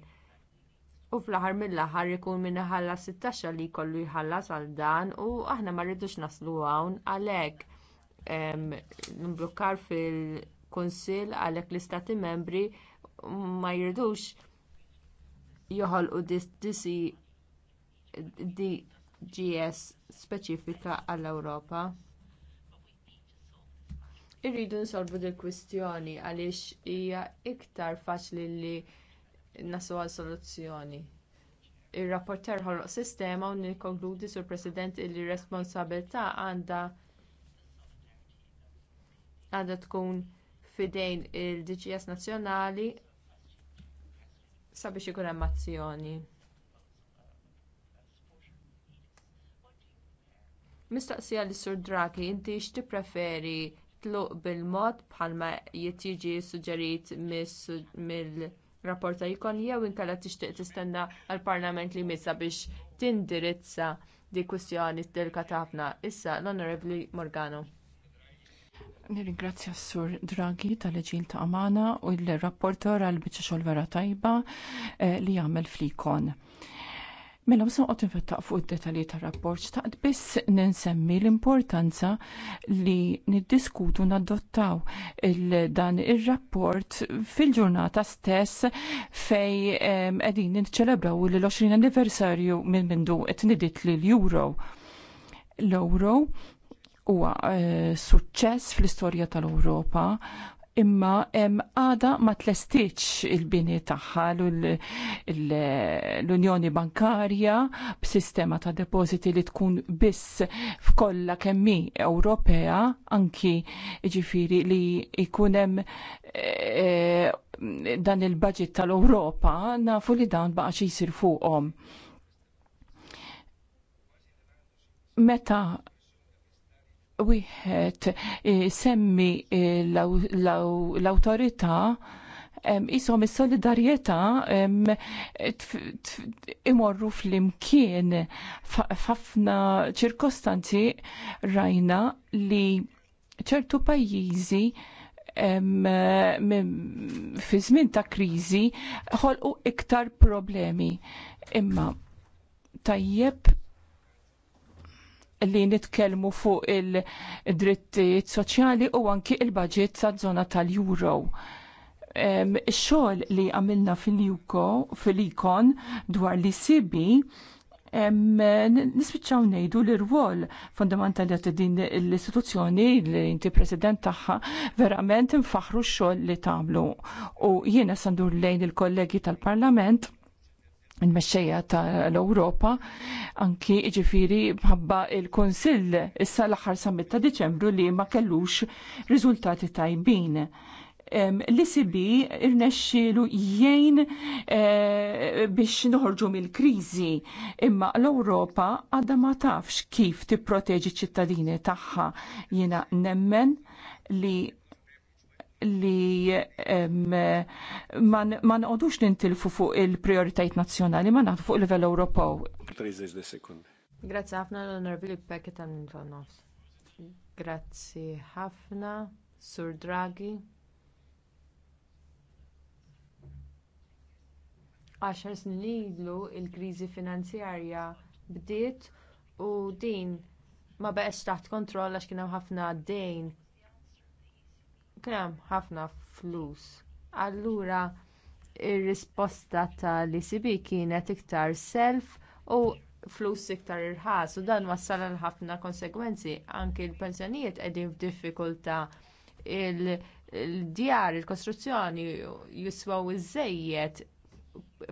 u fl-aħħar mill-aħħar ikun minn iħallas it-taxxa li jkollu jħallas għal dan u aħna ma rridux naslu hawn għalhekk nimblukkar fil-kunsill għalhekk l-istati membri ma jridux joħolqu DGS speċifika għall-Ewropa irridu nsolvu dil kwistjoni għaliex hija iktar faċli li nasu għal soluzzjoni. Ir-rapporter ħoloq sistema u nikkonkludi sur President li responsabilità għandha għandha tkun fidejn il-DGS nazzjonali sabiex ikun hemm azzjoni. Mistaqsija li sur Draghi, inti x'tippreferi nitluq bil-mod bħalma jittiġi suġġerit mill-rapporta jkun jew inkella tixtieq tistenna għall parlament li jmissa biex tindirizza di kwistjoni delikata ħafna. Issa l-Onorevoli Morgano. Nirringrazzja s-sur Draghi tal-ġil ta' Amana u l-rapportor għal biċċa xogħol vera tajba eh, li jagħmel flikon. Mela bsa qod nfettaq fuq id-detalji tar-rapport xtaqt biss ninsemmi l-importanza li niddiskutu nadottaw dan ir-rapport fil-ġurnata stess fej għedin niċċelebraw l-20 anniversarju minn mindu qed li l euro L-euro huwa eh, suċċess fl-istorja tal-Ewropa imma għada ma tlestiċ il-bini tagħha l-Unjoni Bankarja b'sistema ta' depositi li tkun biss f'kollha kemmi Ewropea anki ġifiri li jkun hemm e, dan il-budget tal-Ewropa nafu li dan baqa' jisir fuqhom. Meta wieħed eh, semmi eh, l-awtorità isom is-solidarjetà imorru fl-imkien f'ħafna ċirkostanzi rajna li ċertu pajjiżi fi żmien ta' kriżi ħolqu iktar problemi. Imma tajjeb li nitkellmu fuq il-drittijiet soċjali u anki il-budget sa' zona tal-euro. Ix-xogħol li għamilna fil-ikon dwar li sibi nispiċċaw nejdu li rwol fondamentali ta' din l-istituzzjoni li inti president tagħha verament nfaħru x-xogħol li tagħmlu. U jiena sandur lejn il-kollegi tal-Parlament il-mexxejja tal-Ewropa anki ġifiri bħabba il-Konsill issa l-aħħar summit ta' Diċembru li ma kellux riżultati tajbin. L-ICB irnexxilu jgħin eh, biex noħorġu mill-kriżi imma l-Ewropa għadha ma tafx kif tipproteġi ċittadini tagħha jiena nemmen li li ma nqodux nintilfu fuq il-prioritajt nazzjonali ma naħdu fuq il-vell il-level Ewropew. 30 Grazzi ħafna l-onorabili Pekki tal Grazzi ħafna, Sur Draghi. Għaxar snin ilu l-kriżi finanzjarja bdiet u din ma beqgħetx taħt kontroll għax kien hemm ħafna dejn kien hemm ħafna flus. Allura ir-risposta tal-ECB kienet iktar self u flus iktar irħas u dan wassal għal ħafna konsegwenzi anki l-pensjonijiet qegħdin f'diffikultà il-djar, il-kostruzzjoni jiswaw iż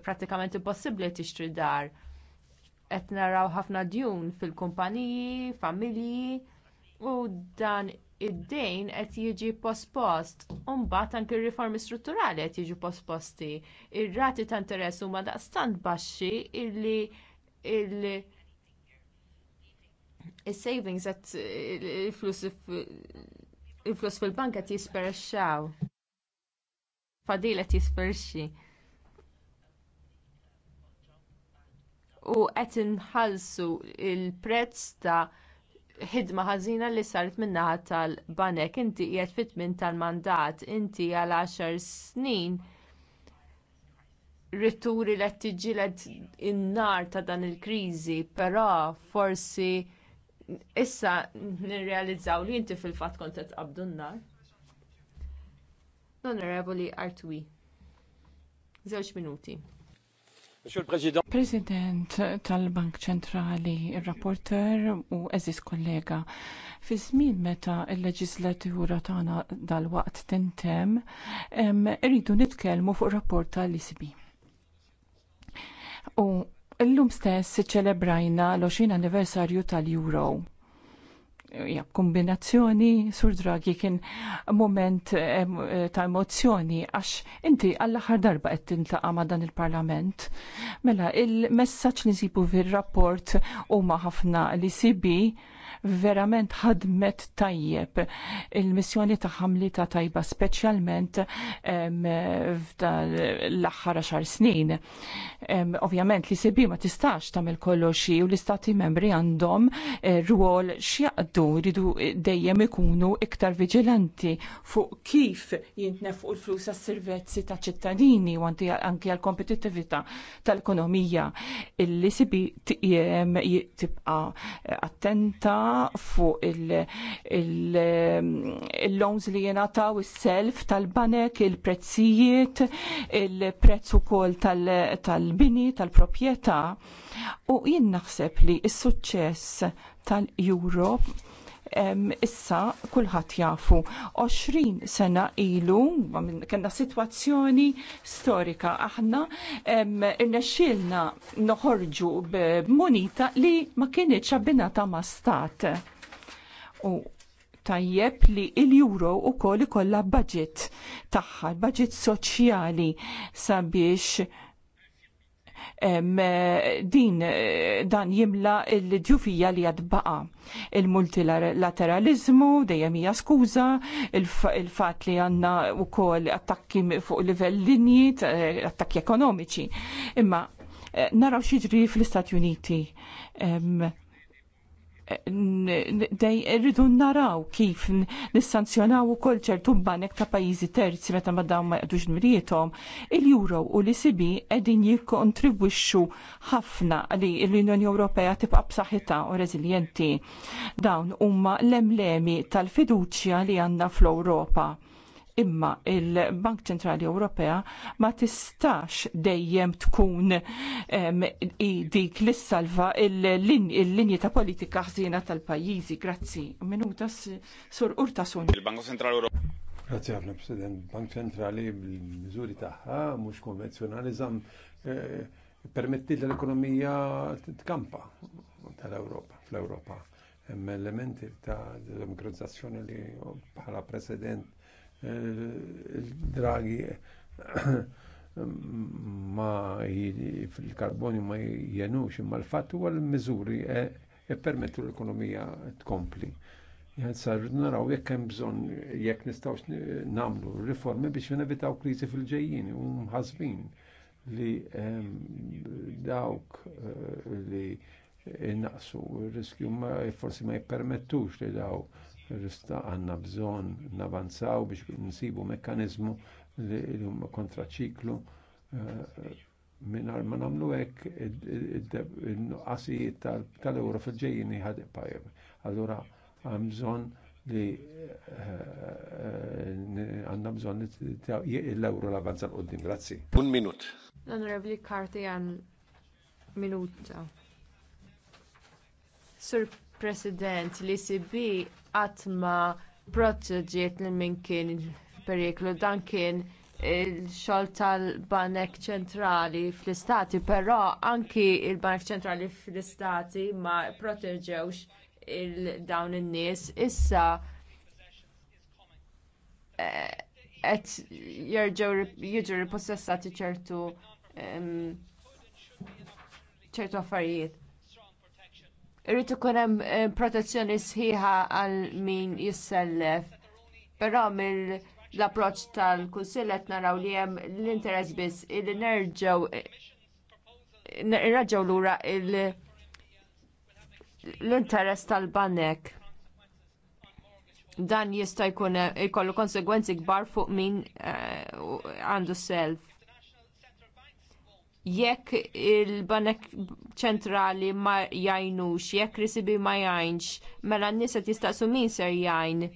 prattikament impossibbli tixtri dar. Qed naraw ħafna djun fil-kumpaniji, familji u dan id-dejn qed jiġi pospost u mbagħad anke r-riformi strutturali qed jiġu posposti. Ir-rati ta' interess huma daqstant baxxi illi il savings għat il-flus fil bank qed jisperxxaw. Fadil qed jisperxxi. U qed inħallsu l prezz ta' ħidma ħażina li saret min-naħa tal-banek inti qiegħed fit-tmien tal-mandat inti għal għaxar snin rituri li qed tiġġieled in-nar ta' dan il-kriżi, però forsi issa nirrealizzaw li inti fil-fatt kont qed tqabdu n-nar. L-Onorevoli Artwi. Żewġ minuti. President tal-Bank Ċentrali, rapporter u eżis kollega, fi żmien meta l-leġislatura tagħna dal-waqt tintem, rridu nitkellmu fuq rapport tal-ISB. U llum stess ċelebrajna l-20 anniversarju tal-Euro ja, kombinazzjoni sur dragi kien moment ta' emozzjoni għax inti għall-aħħar darba qed tintlaqa' ma' dan il-Parlament. Mela il-messaġġ li nsibu fir-rapport huma ħafna li sibi verament ħadmet tajjeb il-missjoni ta' ħamlita tajba speċjalment l-aħħar xar snin. Ovvjament li sebi ma tistax tagħmel kollox u l-istati membri għandhom eh, ruol x'jaqdu ridu eh, dejjem ikunu iktar viġilanti fuq kif jintnef u l-flus għas-servizzi ta' ċittadini u anki għal kompetitivita tal-ekonomija. Il-li sibi tibqa attenta fuq il-loans li taw il-self tal-banek, il-prezzijiet, il-prezz ukoll tal-bini, tal-propieta. U jinn naħseb li s suċċess tal-Europe issa kulħadd jafu. 20 sena ilu kena sitwazzjoni storika aħna irnexxielna noħorġu b'munita li ma kienieċ abbinata ma' stat. U tajjeb li il-euro u koll ikolla budget tagħha, budget soċjali sabiex Eh, din eh, dan jimla l-ġufija li jadbaqa. Il-multilateralizmu dejjem hija skuża, il-fatt li għandna wkoll attakki fuq livell linji, eh, attakki ekonomiċi. Imma naraw xi fl-Istati Uniti dej rridu naraw kif nissanzjonaw ukoll ċertu banek ta' pajjiżi terzi meta ma dawn ma jaqdux il-Euro u l-ECB qegħdin jikkontribwixxu ħafna li l-Unjoni Ewropea tibqa' b'saħħitha u reżiljenti. Dawn huma l-emlemi tal-fiduċja li għandna fl-Ewropa imma il-Bank Ċentrali Ewropea ma tistax dejjem tkun dik li salva il-linji ta' politika ħsiena tal-pajjiżi. Grazzi. Minuta sur urta sun. Il-Bank Ċentrali Ewropea. Grazzi għafna, President. Bank Ċentrali bil-miżuri tagħha mhux konvenzjonali eh, permetti l-ekonomija tkampa tal-Ewropa, fl-Ewropa. Hemm elementi ta' demokratizzazzjoni li bħala president il-dragi ma fil-karbonju ma jenux imma l-fatt huwa l-miżuri e-, e permettu l-ekonomija tkompli. Sar naraw jekk hemm bżonn jekk nistgħux nagħmlu riformi biex nevitaw kriżi fil-ġejjin u mħazbin li dawk eh, li naqsu riskju ma forsi ma jippermettux li daw Rista għanna bżon navanzaw biex nsibu mekkanizmu li huma kontraċiklu eh, minnar ma namlu ek il-nuqqasijiet tal-euro fil ġejjini ħadeq pajem. Allora għam bżon li eh, eh, għanna bżon bżonn l-euro l-avanza l-qoddim. Grazzi. Un minut. L-Onorevli Karti għan minuta. Sir President, li sibi għatma proteġiet li minn kien periklu dan kien il-xol tal-Banek ċentrali fl-istati, però anki il-Banek ċentrali fl-istati ma proteġewx il-dawn in-nies. Issa qed eh, jiġu ripossessati ċertu ċertu affarijiet. Irrid ikun hemm eh, protezzjoni sħiħa għal min jissellef. Però mill l-approċċ tal-Kunsill qed naraw li hemm l-interess biss li eh, nerġgħu lura l-interess tal-banek. Dan jista' jkun ikollu eh, konsegwenzi kbar fuq min għandu self jekk il-banek ċentrali ma jajnux, jekk risibi ma jajnx, mela n-nies qed jistaqsu min ser jajn.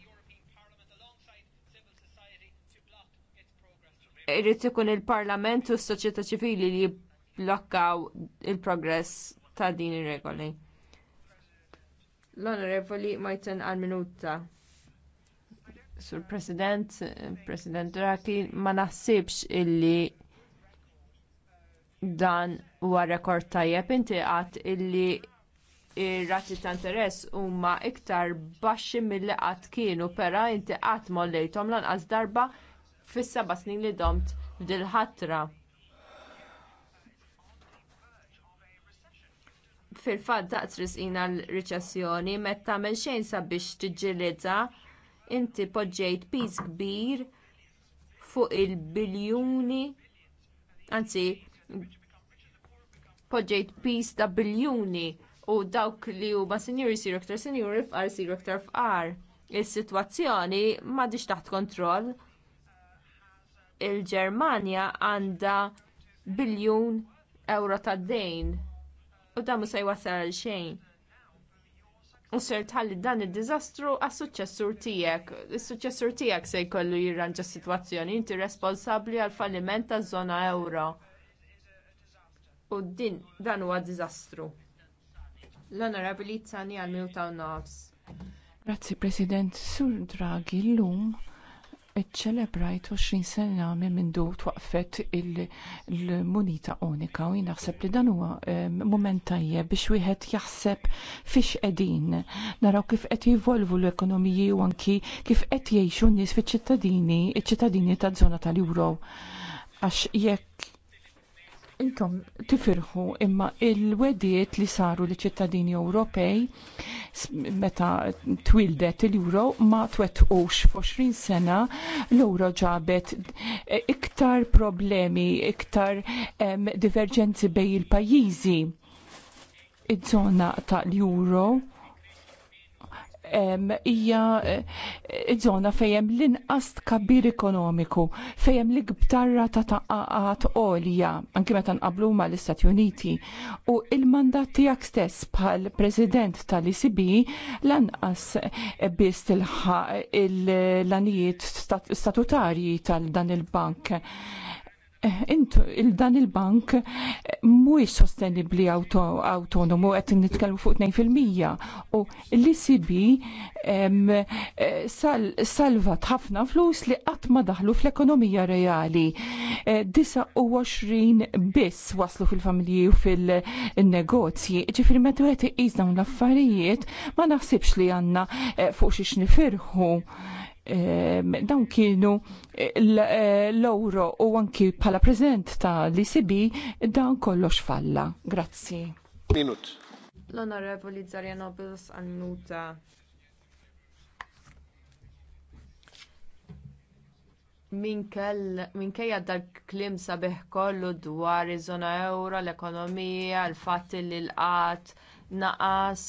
Irrit ikun il-Parlament u s-soċjetà ċivili li jibblokkaw il-progress ta' din ir-regoli. L-Onorevoli Majten għal minuta. Sur President, President Draki, ma naħsibx illi dan huwa rekord tajjeb inti qatt illi ir-rati ta' interess huma iktar baxxi milli qatt kienu però inti qatt mollejthom lanqas darba fis-seba' snin li domt f'dil ħatra. Fil-fatt daqs risqina l-riċessjoni meta tagħmel xejn sabiex tiġġilidha inti poġġejt piż kbir fuq il-biljuni anzi poġġejt pis ta' biljuni u dawk li huma sinjuri siru aktar sinjuri fqar siru aktar fqar. Is-sitwazzjoni m'għadix taħt kontroll. Il-Ġermanja għandha biljun euro ta' dejn u dan mhux se jwassal għal xejn. U ser tħalli dan id-diżastru għas-suċċessur tiegħek. Is-suċċessur tiegħek se jkollu jirranġa s-sitwazzjoni inti responsabbli għall falliment taż-żona euro u din dan huwa diżastru. L-Onorabili Tsani għal minuta u nofs. Grazzi President Sur Draghi l-lum ċelebrajt 20 sena minn dut twaqfet il-munita unika u jinaħseb li dan huwa moment tajjeb biex wieħed jaħseb fiex qegħdin. Naraw kif qed jivolvu l-ekonomiji u anki kif qed jgħixu n-nies fiċ-ċittadini, iċ-ċittadini ta' żona tal-Euro. Għax jekk intom tifirħu imma il wediet li saru li ċittadini Ewropej meta twildet il-euro ma twettqux f'20 sena l-euro ġabet e, iktar problemi, iktar divergenzi bej il-pajjiżi. Iż-żona l euro hija eh, żona fejjem l-inqas kabir ekonomiku, fejjem l-gbtarra ta' taqqaqat għolja, anki meta nqablu ma' l-Istati Uniti. U il-mandat tiegħek stess bħal President tal icb lanqas eh, biss tilħaq l lanijiet statutarji tal-dan il-bank Eh, il-dan il-bank eh, mhuwiex sostenibbli autonomu qed nitkellmu fuq 2% u l-ECB eh, salvat ħafna flus li qatt ma daħlu fl-ekonomija reali. 29 biss waslu fil-familji u fil-negozji. Ġifieri meta wieħed iqis dawn l-affarijiet ma naħsibx li għandna fuq xiex nifirħu Ehm, dawn kienu eh, l-euro u anki bħala prezent ta' l icb dan kollox falla. Grazzi. Minut. L-Onorevoli Zarianopoulos annuta minkejja dak kliem sabiħ kollu dwar iż-żona ewro, l-ekonomija, l-fatt li l qat naqas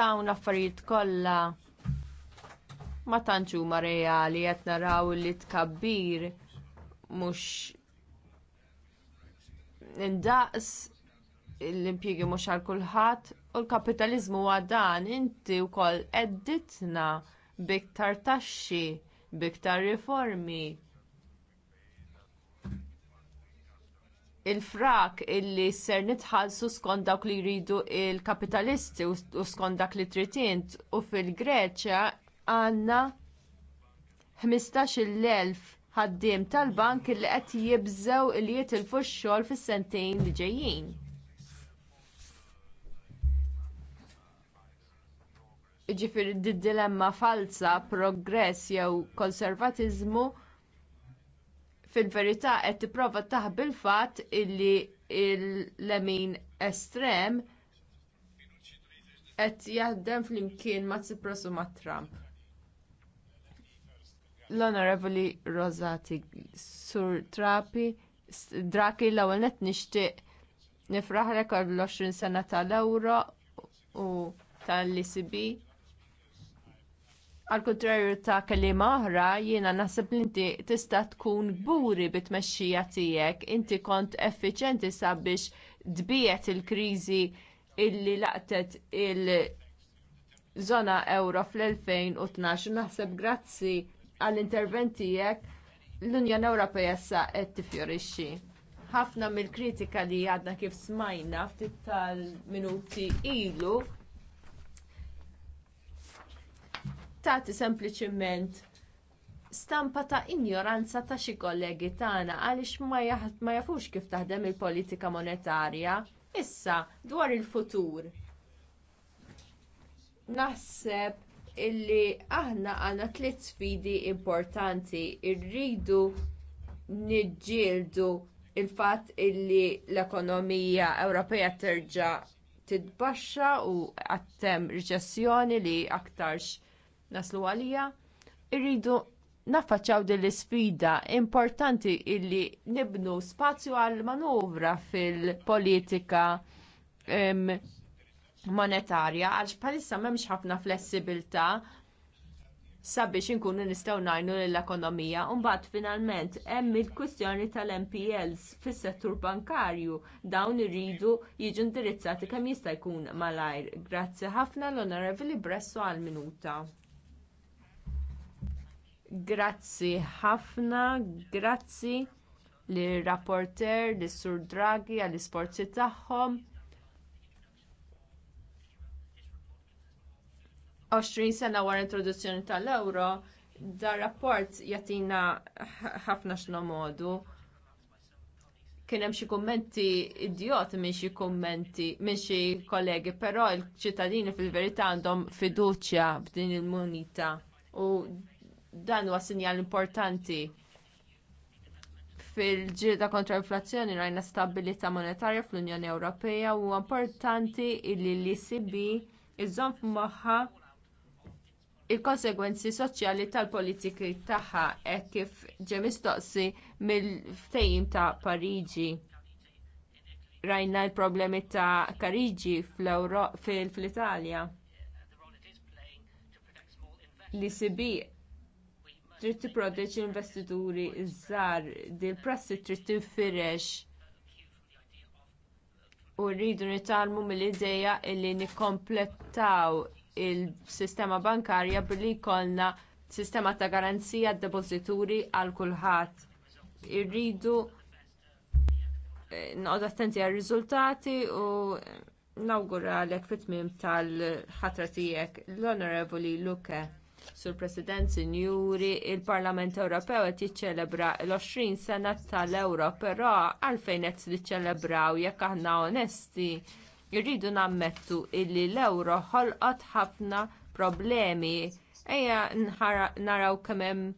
dawn l-affarijiet kollha ma tantx huma reali qed naraw li tkabbir mhux indaqs l-impjiegi mhux għal kulħadd u l-kapitaliżmu huwa dan inti wkoll qedditna b'iktar taxxi b'iktar riformi il-frak illi ser nitħallsu skont dawk li jridu l kapitalisti u skont dak li trid int, u fil-Greċja għanna 15 ħaddim ħaddiem tal-bank li qed jibżgħu li jitilfu x-xogħol fis-sentejn li ġejjin. Ġifir id dilemma falsa, progress jew konservatiżmu fil-verità qed tipprova taħbil l-fatt illi l-lemin estrem qed jaħdem flimkien ma' Tsipras u ma' Trump l-Onorevoli Rosati Sur Trapi Draki l-ewwel nett nixtieq rekord l 20 sena tal-ewro u tal-ECB. Għal kontrarju ta' kelliem oħra, jiena naħseb li inti tista' tkun buri bit-tmexxija tiegħek, inti kont effiċenti sabiex dbiet il-kriżi illi laqtet il-żona euro fl-2012 naħseb grazzi għall-interventi jekk l-Unjoni Ewropea issa qed tifjorixxi. Ħafna mill-kritika li għadna kif smajna ftit tal-minuti ilu tagħti sempliċiment stampa ta' injoranza ta' xi kollegi tagħna għaliex ma jafux kif taħdem il-politika monetarja. Issa dwar il-futur. Naħseb illi aħna għandna tliet sfidi importanti rridu niġġieldu l fatt illi l-ekonomija Ewropea terġa' titbaxxa u għattem riċessjoni li aktarx naslu għalija. Irridu naffaċċaw din l-isfida importanti illi nibnu spazju għal manuvra fil-politika monetarja għax bħalissa m'hemmx ħafna flessibilità sabiex inkunu nistgħu ngħinu lill-ekonomija u mbagħad finalment hemm il-kwistjoni tal-MPLs fis-settur bankarju dawn iridu jiġu indirizzati kemm jista' jkun malajr. Grazzi ħafna l-Onorevoli Bresso għall minuta. Grazzi ħafna, grazzi li rapporter li sur Draghi għall isforzi tagħhom 20 sena wara introduzzjoni tal-euro, da rapport jatina ħafna xlo Kien hemm xi kummenti idiot minn xi kummenti minn xi kollegi, però l-ċittadini fil-verità għandhom fiduċja b'din il-munita u dan huwa sinjal importanti fil-ġilda kontra inflazzjoni rajna stabilità monetarja fl-Unjoni Ewropea u importanti li l-ECB iżżomm f'moħħa il-konsegwenzi soċjali tal-politiki tagħha hekk kif ġie mistoqsi mill-ftehim ta' Pariġi. Rajna l-problemi ta' Kariġi fl-Italja. Li sibi trid tipproteġi investituri iż-żgħar, din prassi trid tinfirex u rridu nitalmu mill-idea li nikkompletaw il-sistema bankarja billi jkollna sistema ta' garanzija d-depożituri għal kulħadd. Irridu eh, noqgħod attenti għar-riżultati u nawguralek fit-tmiem tal-ħatra tiegħek l-Onorevoli Luke. Sur President Sinjuri, il-Parlament Ewropew qed jiċċelebra l-20 sena tal-Ewro, però għalfejn qed niċċelebraw jekk aħna onesti Irridu nammettu illi l-ewro ħolqot ħafna problemi ejja naraw kemm hemm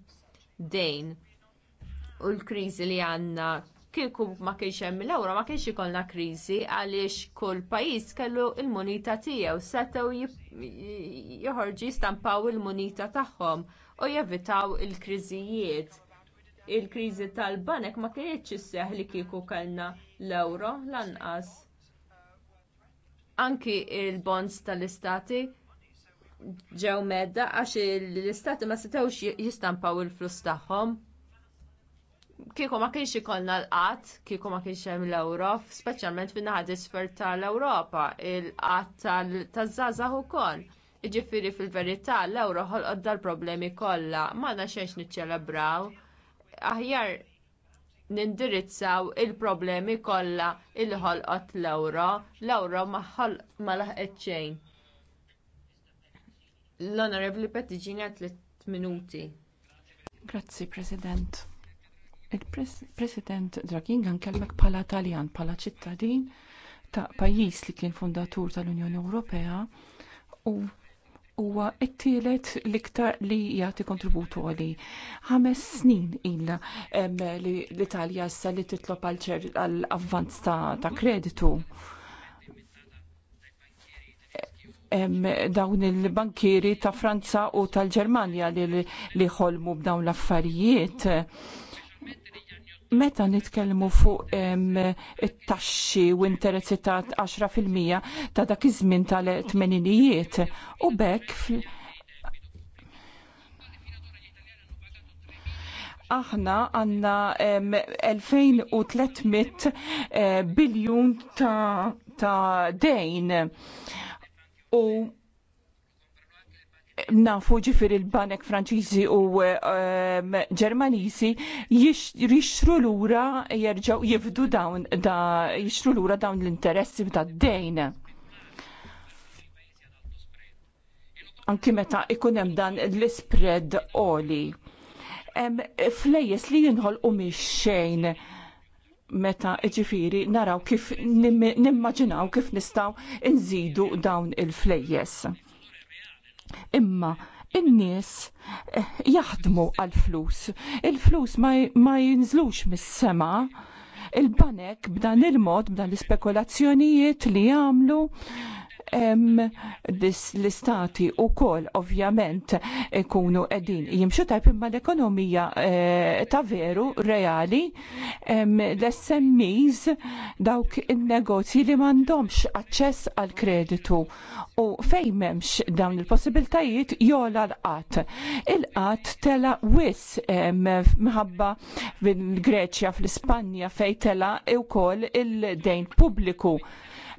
dejn u l-kriżi li għandna kieku ma kienx hemm l-ewro ma kienx ikollna kriżi għaliex kull pajjiż kellu l-munita tiegħu setgħu joħorġu jistampaw il-munita tagħhom u jevitaw il-kriżijiet. Il-kriżi tal-banek ma kienx isseħħ li kieku kellna l-ewro lanqas. Anki il-bonds tal-istati ġew medda għax l-istati ma setgħux jistampaw il-flus tagħhom. Kieku ma kienx ikollna l-qatt, kieku ma kienx hemm l-Ewro, speċjalment fin-naħa d-isfer tal-Ewropa, il-qatt taż-żgħażagħ ukoll. Jiġifieri fil-verità l-Ewro ħolqod dal-problemi kollha, ma nafx xejn niċċelebraw. Aħjar nindirizzaw il-problemi kollha li ħolqot l-ewro, l-ewro ma laħqet xejn. L-Onorevoli Pettiġini tliet minuti. Grazzi, President. Il-President Draghin għan kellmek pala Taljan, pala ċittadin ta' pajjiż li kien fundatur tal-Unjoni Ewropea u huwa t-tielet l-iktar li jagħti kontributu għali. Ħames snin illa l-Italja s li titlob għal avvanz ta' kreditu. dawn il-bankieri ta' Franza u tal-Ġermanja li ħolmu b'dawn l-affarijiet meta nitkellmu fuq it-taxxi u interessi ta' 10% ta' dak iż-żmien tal-tmeninijiet u bekk aħna għanna 2300 eh, biljun ta', ta dejn u nafu ġifir il-banek franċiżi u ehm, ġermaniżi l lura jirġaw jifdu dawn da l lura dawn l-interessi ta' d-dejn. Anki meta ikun hemm dan l-spread oli. Flejes li jinħol u xejn meta ġifiri naraw kif nimmaġinaw kif nistaw nżidu dawn il flejes Imma in-nies eh, jaħdmu għal-flus. Il-flus ma jinżlux mis-sema il-banek b'dan il-mod, b'dan l-ispekulazzjonijiet li jagħmlu l-istati u kol ovvjament ikunu edin jimxu tajb imma l-ekonomija e, ta' veru reali l-SMEs dawk il-negozji li mandomx aċċess għal kreditu u fejmemx dawn il-possibiltajiet jola l-qat. Il-qat tela wis mħabba fil-Greċja, fil-Ispanja fej tela u kol il-dejn publiku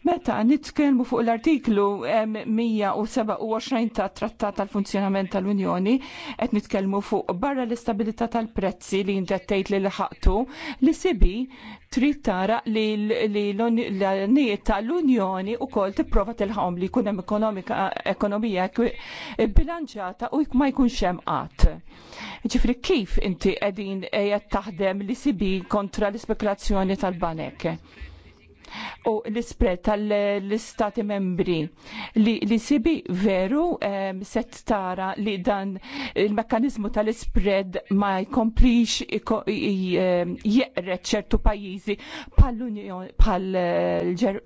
Meta nitkellmu fuq l-artiklu 127 ta' Trattat tal-Funzjonament tal-Unjoni, qed nitkellmu fuq barra l-istabilità tal-prezzi li inti li li ħaqtu li sibi trid tara li l-nijiet tal-Unjoni wkoll tipprova tilħom li jkun hemm ekonomija bilanċata u ma jkunx hemm qatt. Ġifri kif inti qegħdin qed eh, taħdem li sibi kontra l-ispekulazzjoni tal-banek? u l-ispred tal-istati membri li, li sibi veru um, set tara li dan il-mekkanizmu tal-ispred ma jkomplix jeqret ċertu pajjiżi pal-Unjoni pal-Italja.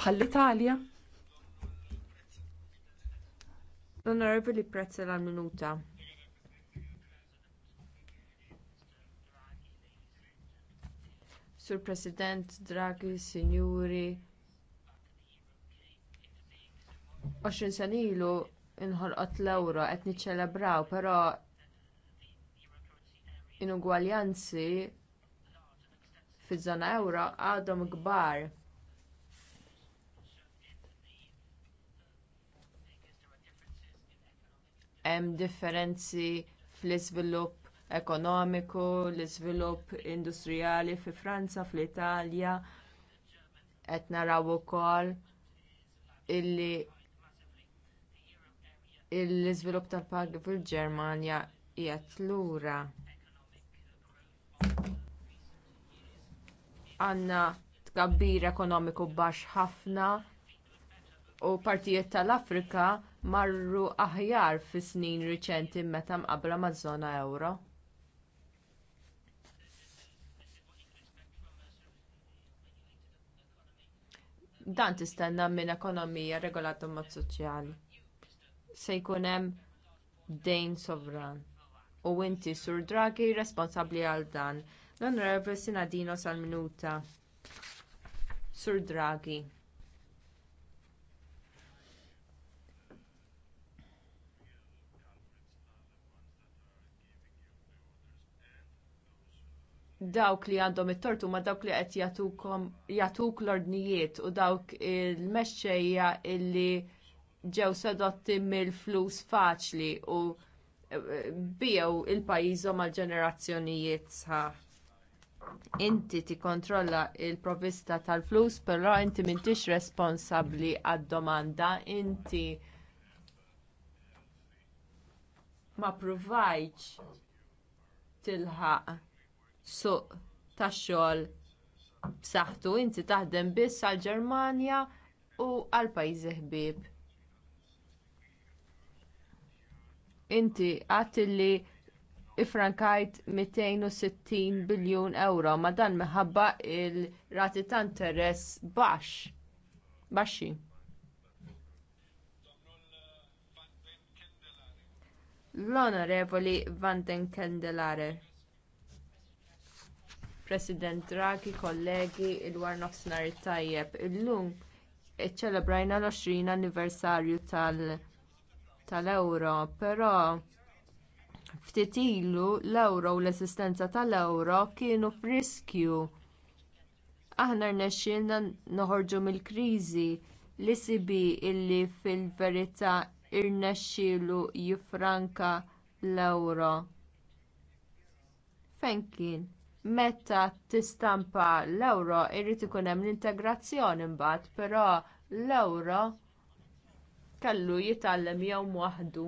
Pal l-Onorevoli prezzi la minuta. Sur President, Draghi, Sinjuri, 20 sanilu inħolqot l-ewro qed niċċelebraw, però inugwaljanzi fiż-żona ewro għadhom kbar. Hemm differenzi fl-iżvilupp ekonomiku, l-iżvilupp industrijali fi Franza, fl-Italja, qed naraw ukoll illi l-iżvilupp tal-park fil-Ġermanja qiegħed lura. Għandna tkabbir ekonomiku baxx ħafna u partijiet tal-Afrika marru aħjar fi snin riċenti meta mqabbla maż-żona ewro. dan tistenna minn ekonomija regolata mod soċjali. Se jkun hemm dejn sovran. U inti sur Draghi responsabbli għal dan. L-Onorevoli Sinadino sal-minuta. Sur Draghi. dawk li għandhom it-tortu ma dawk li qed jagħtuk l-ordnijiet u dawk il-mexxejja illi ġew sedotti mill-flus faċli u eh, bijew il-pajjiżhom għal ġenerazzjonijiet sħaħ. Inti tikkontrolla l provista tal-flus, però inti m'intix responsabbli għad-domanda, inti ma provajċ tilħaq suq tax-xogħol b'saħħtu inti taħdem biss għall-Ġermanja u għal pajjiżi ħbieb. Inti qatt li ifrankajt 260 biljun euro ma dan minħabba l rati ta' interess baxx. Baxxi. L-Onorevoli Van den Kendelare. President Draghi, kollegi, il-war nofsinhar tajjeb. Illum iċċelebrajna l-20 anniversarju tal-Ewro, tal però ftit ilu l-Ewro u l-esistenza tal-Ewro kienu f'riskju. Aħna rnexxielna noħorġu mill-kriżi li sibi illi fil-verità irnexxielu jiffranka l-ewro. Fejn kien? meta tistampa l-ewro jrid ikun hemm l-integrazzjoni mbagħad, però l-ewro kellu jitgħallem jew waħdu.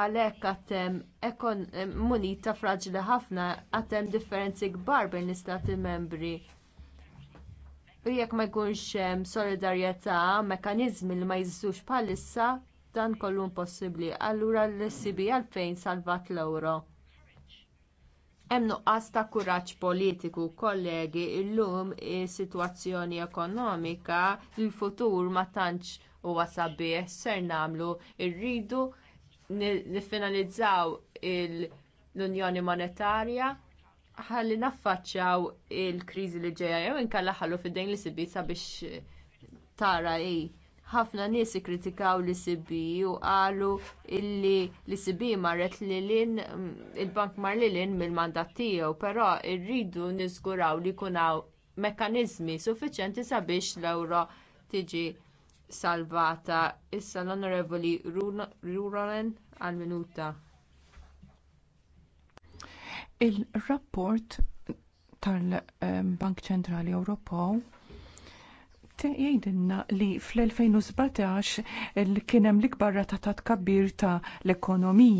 Għalhekk għad hemm munita fraġli ħafna għad hemm differenzi kbar bejn l-istati membri. U jekk ma jkunx hemm solidarjetà, mekkaniżmi li ma jeżistux bħalissa, dan kollu impossibbli. Allura l-ECB għalfejn salvat l-euro. Hemm nuqqas ta' kuraġġ politiku, kollegi, illum is-sitwazzjoni ekonomika, il-futur ma tantx huwa sabiħ ser nagħmlu rridu nifinalizzaw l-Unjoni Monetarja ħalli naffaċċjaw il-kriżi li ġejja jew inkella ħallu fid-dejn li sibita biex tara hi ħafna nies ikkritikaw li sibi u qalu illi li sibi marret lilin mm, il-bank mar lilin mill-mandat tiegħu, però irridu niżguraw li jkun hawn mekkaniżmi suffiċjenti sabiex l-ewro tiġi salvata. Issa l-Onorevoli Ruronen għall minuta. Il-rapport tal-Bank ehm, Ċentrali Ewropew jgħidilna li fl-2017 kien hemm l-ikbar rata ta' tkabbir ta' l-ekonomija